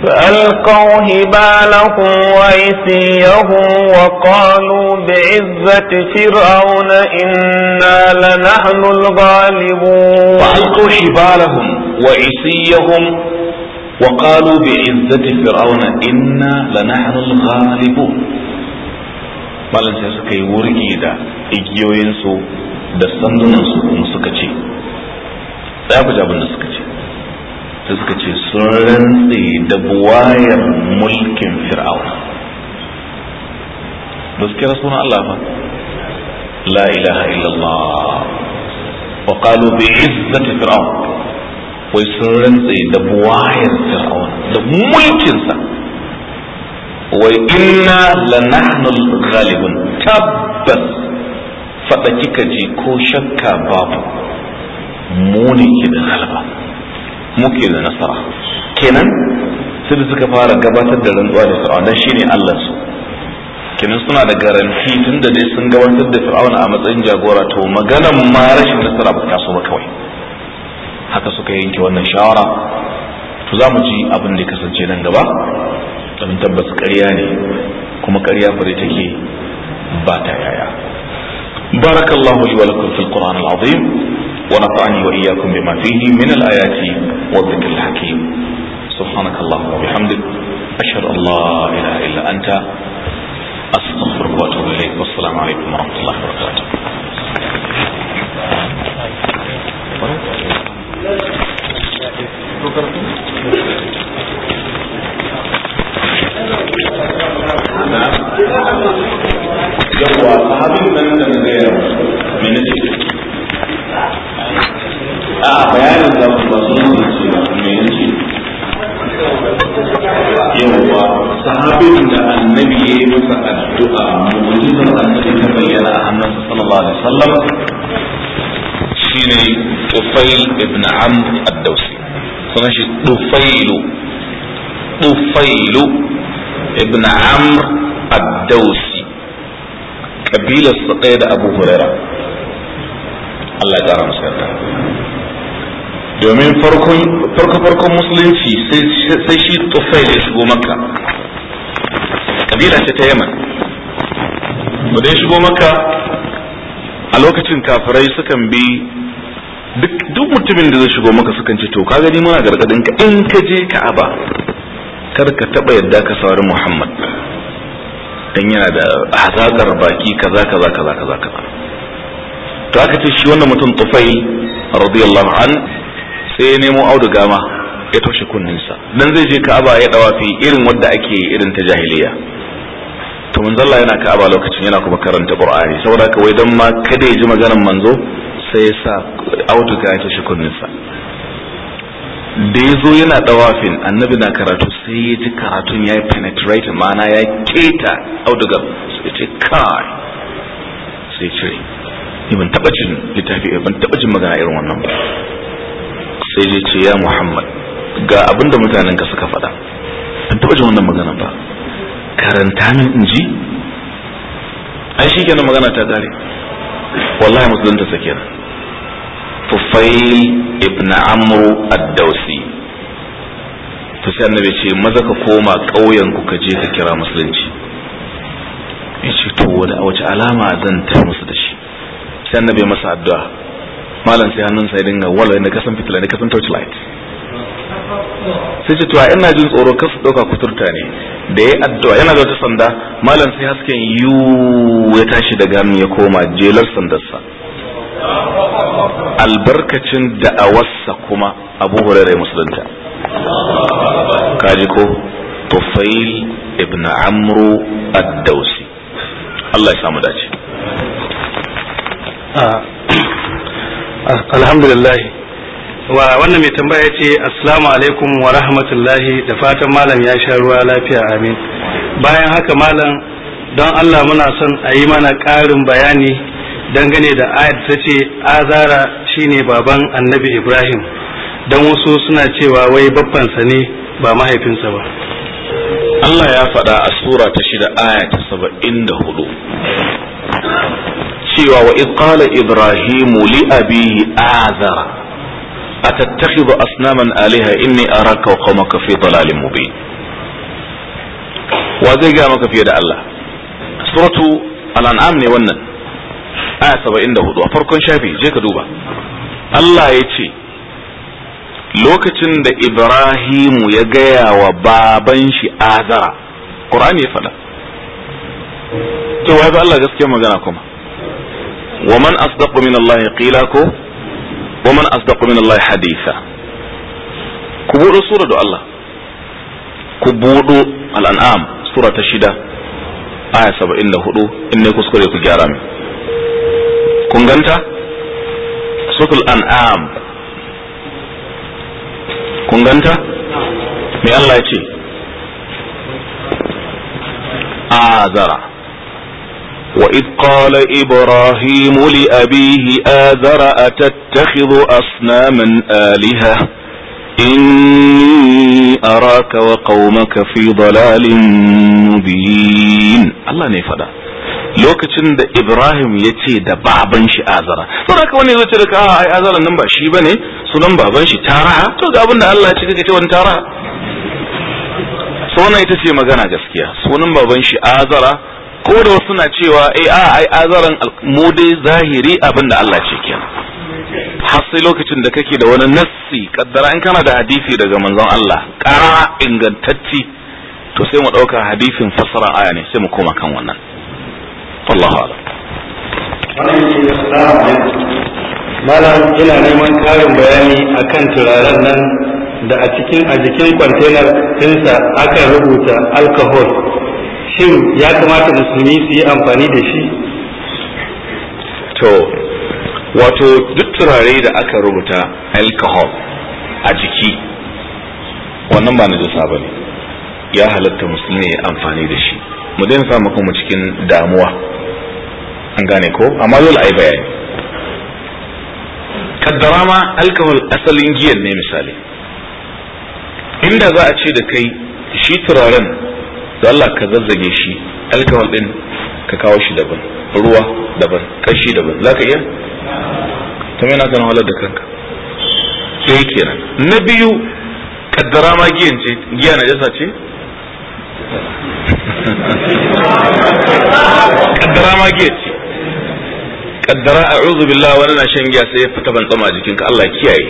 فألقوا هبالهم وعصيهم وقالوا بعزة فرعون إنا لنحن الغالبون فألقوا هبالهم وعصيهم وقالوا بعزة فرعون إنا لنحن الغالبون malam sai suka yi wurgi da igiyoyinsu da sandunansu kuma suka ce za ku ji abin da suka sai suka ce sun rantse da buwayar mulkin fir'aun ba su kira sunan Allah ba la ilaha illallah wa qalu bi izzati fir'aun wai sun rantse da buwayar fir'aun da mulkinsa wai inna lanahnu ghalibun tabbas fada kika ji ko shakka babu mu ne ke da galaba muke da nasara kenan sai suka fara gabatar da rantsuwa da fir'auna shi shine Allah su kenan suna da garanti tun da dai sun gabatar da Fir'auna a matsayin jagora to maganan ma rashin nasara ba ta so ba kawai haka suka yanke wannan shawara to za mu ji abin da ya kasance nan gaba abin tabbas ƙarya ne kuma ƙarya fure take ba ta yaya li wa lakum fil qur'an al-azim ونفعني وإياكم بما فيه من الآيات والذكر الحكيم سبحانك اللهم وبحمدك أشهد أن لا إله إلا أنت أستغفرك وأتوب إليك والسلام عليكم ورحمة الله وبركاته yawwa you nan da na gaya mai a bayanin da ba su ne ce ba me yace yawa sahabin da annabi ya yi masa addu'a mu'jizar annabi ta bayyana a hannunsa sallallahu alaihi wasallam shine Tufail ibn Amr ad-Dawsi sunan shi Tufailu Tufailu ibn Amr ad-Dawsi kabilar su da Abu Hurairah Allah ya kara musu domin farko farkon musulunci sai shi tufail ya shigo maka. kabila ce ta yaman ba da ya shigo maka. a lokacin kafirai sukan bi duk mutumin da zai shigo maka sukan ce to ka gani muna gargadin ka in ka je ka'aba kar ka taba yadda ka saurari muhammad dan yana da hazakar baki kaza kaza kaza kaza kaza to aka ce shi wannan mutum tufail radiyallahu an sai ya nemo auduga ma ya toshe kunninsa dan zai je ka'aba ya dawafi irin wanda ake irin ta jahiliya to manzalla yana ka'aba lokacin yana kuma karanta qur'ani saboda ka wai dan ma kada ya ji maganar manzo sai ya sa auduga ya toshe kunninsa da ya zo yana dawafin annabi na karatu sai ya ji karatun ya penetrate ma'ana ya keta audugar sai ce kai sai cire ni ban taba jin littafi ban taba jin magana irin wannan ba sai ya ce ya muhammad ga abinda mutanen ka suka faɗa ban taba jin wannan magana ba karanta min in ji ai shi kenan magana ta gare wallahi musulunta sa kenan fufail ibn amru ad dawsi to sai annabi ce maza ka koma ƙauyen ku ka je ka kira musulunci ya ce to wani a wace alama zan ta musu da shi sai annabi ya masa addu'a malam sai hannun sai dinga wallahi na kasan fitila ne kasan light sai ce to ina jin tsoro kar su dauka kuturta ne da yayi addu'a yana da wata sanda malam sai hasken yu ya tashi daga hannu ya koma jelar sandarsa albarkacin da'awarsa kuma abu hurairu ya musulunta kaji ko tufail ibn amru ad dawsi Allah ya samu dace Ah, ah, alhamdulillah wa wannan mai tambaya ce assalamu alaikum wa rahmatullahi da fatan malam ya sha ruwa lafiya amin bayan haka malam don Allah muna son a yi mana ƙarin bayani dangane da ayat ta ce azara shine baban annabi ibrahim don wasu suna cewa wai babbansa ne ba mahaifinsa ba Allah ya faɗa a sura ta shida aya ta saba'in da hudu cewa wa idh qala ibrahimu li abihi azara a atattakhidhu asnaman alaha inni araka wa qaumaka fi dalalin mubin wa zai gaya maka fiye da Allah suratu al-an'am ne wannan aya saba'in da hudu a farkon shafi je ka duba Allah ya ce lokacin da Ibrahimu ya gaya wa baban shi azara Qur'ani ya faɗa to wai Allah gaskiya magana kuma wa man asdaqu min Allah qila ko wa man asdaqu min Allah ku buɗo sura Allah ku buɗo al'an'am sura shida aya saba'in da hudu in ne ku gyara min kun ganta an'am Allah ya ce azara وإذ قال إبراهيم لأبيه آذر أتتخذ أصناما آلهة إني أراك وقومك في ضلال مبين الله نفدا lokacin da Ibrahim ya ce da baban shi azara sau haka wani zai ce da kawo ai azara nan ba shi ba ne sunan baban shi taraha to ga abin da Allah ya ce kake ce wani taraha so wannan ita ce magana gaskiya sunan baban shi azara ko da wasu na cewa eh a ai azaran mu dai zahiri abin da Allah ce kenan har sai lokacin da kake da wani nassi kaddara in kana da hadisi daga manzon Allah ƙara ingantacci to sai mu ɗauka hadisin fasara aya ne sai mu koma kan wannan wallahu a'lam malam ina neman karin bayani akan turaren nan da a cikin a jikin kwantenar ɗinsa aka rubuta alkohol. shin ya kamata musulmi su yi amfani da shi to wato duk turare da aka rubuta alcohol a jiki wannan ba na jisa ba ne ya halatta musulmi ya amfani da shi mu daina samu kuma cikin damuwa an gane ko amma dole a yi bayani kaddara ma alcohol asalin giyan ne misali inda za a ce da kai shi turaren da Allah ka zazzage shi alkawal din ka kawo shi daban ruwa daban kashi daban za ka iya ta mai na wala da kanka sai kenan na biyu kaddara ma giyan ce giya na jasa ce kaddara ma giya ce kaddara a'udhu billah wani na shan giya sai ya fita ban tsama jikinka Allah kiyaye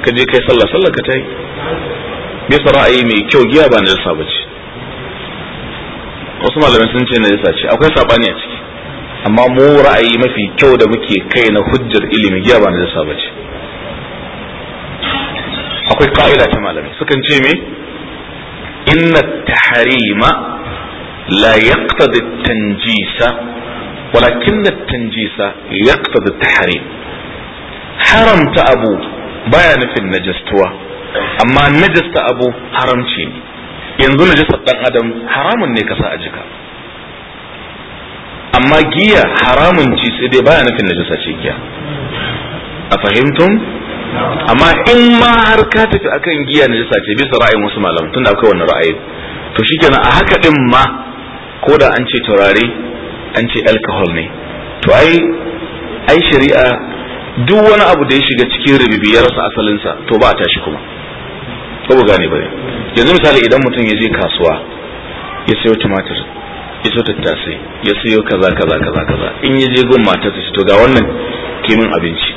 ka je kai sallah sallah ka tai bisa ra'ayi mai kyau giya ba na jasa ce. wasu malamai sun ce najasa ce akwai sabani a ciki amma mu ra'ayi mafi kyau da muke kai na hujjar ilimi giya ba najasa ba ce akwai ka'ida ta malamai sukan ce me inna tahrima la yaqtadi tanjisa walakin tanjisa yaqtadi tahrim haramta abu baya nufin najistuwa amma najasta abu haramci ne yanzu na najasar ɗan adam haramun ne kasa a jika amma giya haramun ci sai dai baya nufin najasa ce giya a fahimtum amma in ma har ka tafi akan giya najasa ce bisa ra'ayin wasu malam tunda akwai wani ra'ayi to shikenan a haka din ma ko da an ce taurari an ce alcohol ne to ai ai shari'a duk wani abu da ya shiga cikin rabibi ya asalin sa to ba a tashi kuma ko gane ne. yanzu misali idan mutum ya je kasuwa ya sayo tumatir ya sayo tattasai ya sayo kaza kaza kaza kaza in ya je gun matar ta to ga wannan kimin abinci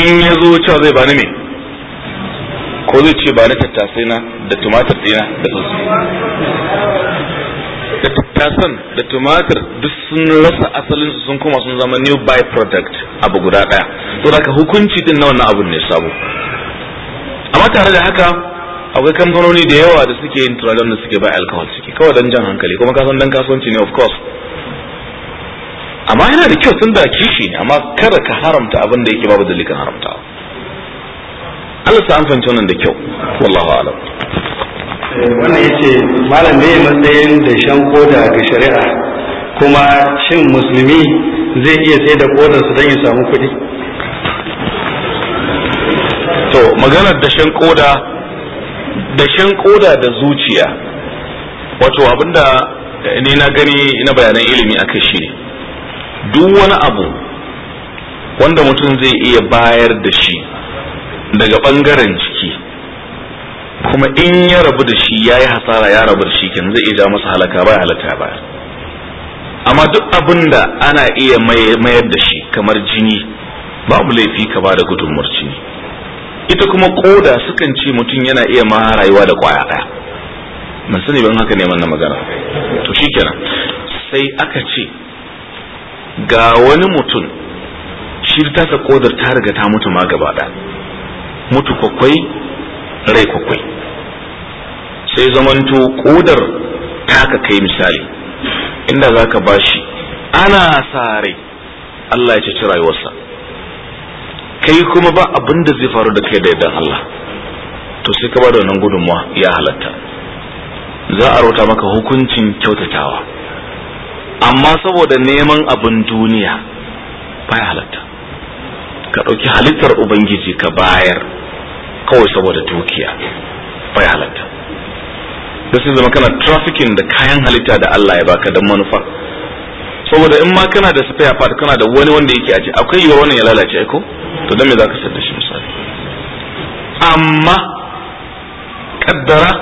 in ya zo cewa zai bani me ko zai ce bani tattasai na da tumatir dina da sosai da tattasan da tumatir duk sun rasa asalin su sun kuma sun zama new by product abu guda daya to da hukunci din na wannan abun ne sabo amma tare da haka akwai kamfanoni da yawa da suke yin tunanin da suke bai alkawal suke kawai don jan hankali kuma kasan dan kasuwanci ne of course amma yana da kyau tun da kishi ne amma kada ka haramta abin da yake babu dalilin haramta Allah sa amfanci wannan da kyau wallahu alam wannan yace malam ne matsayin da shan koda ga shari'a kuma shin musulmi zai iya sai da su don ya samu kuɗi to maganar da shan koda dashen koda da zuciya wato abinda ni na gani na bayanan ilimi aka shi ne duk wani abu wanda mutum zai iya bayar da shi daga bangaren jiki kuma in ya rabu da shi ya yi hasara ya rabu da shi kan zai iya ja masa halaka ba halaka ba amma duk abin da ana iya mayar da shi kamar jini babu laifi ka ba da gudunmurci jini ita kuma koda sukan ce mutum yana iya ma rayuwa da kwaya daya Mun sani ban haka ne na magana to shikenan sai aka ce ga wani mutum shi ta sa kodar ta riga ta mutu ma gaba da mutu kwakwai rai kwakwai sai zamanto kodar ta ka kai misali inda zaka ka bashi ana sa rai Allah ya ci rayuwarsa kai kuma ba abin da zai faru da kai da yadda Allah to sai ka ba da wannan gudunmuwa ya halatta za a rauta maka hukuncin kyautatawa amma saboda neman abin duniya ya halatta ka ɗauki halittar ubangiji ka bayar kawai saboda dukiya ya halatta da sun zama kana trafficking da kayan halitta da Allah ya baka don manufa saboda in ma kana da spare part kana da wani wanda yake aji akwai yiwuwa wannan ya lalace ko to dan me zaka sayar da shi misali amma kaddara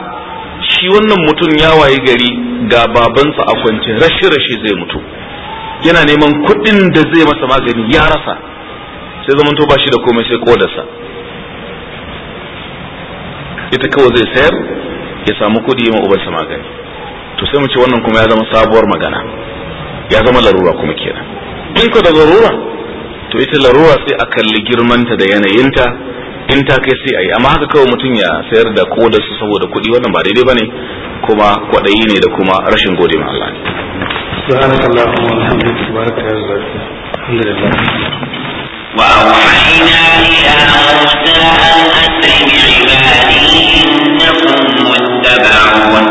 shi wannan mutum ya waye gari ga babansa a kwance rashi rashi zai mutu yana neman kuɗin da zai masa magani ya rasa sai zaman to ba shi da komai sai kodarsa ita kawai zai sayar ya samu kuɗi ya ma magani to sai mu ce wannan kuma ya zama sabuwar magana ya zama larura kuma kenan in ko da larura to ita larura sai a kalli girmanta da yanayinta in ta kai sai a yi amma haka kawai mutum ya sayar da ko saboda kuɗi wannan ba daidai ba ne kuma kwaɗayi ne da kuma rashin gode ma Allah ne وأوحينا إلى موسى أن أسر بعبادي إنكم متبعون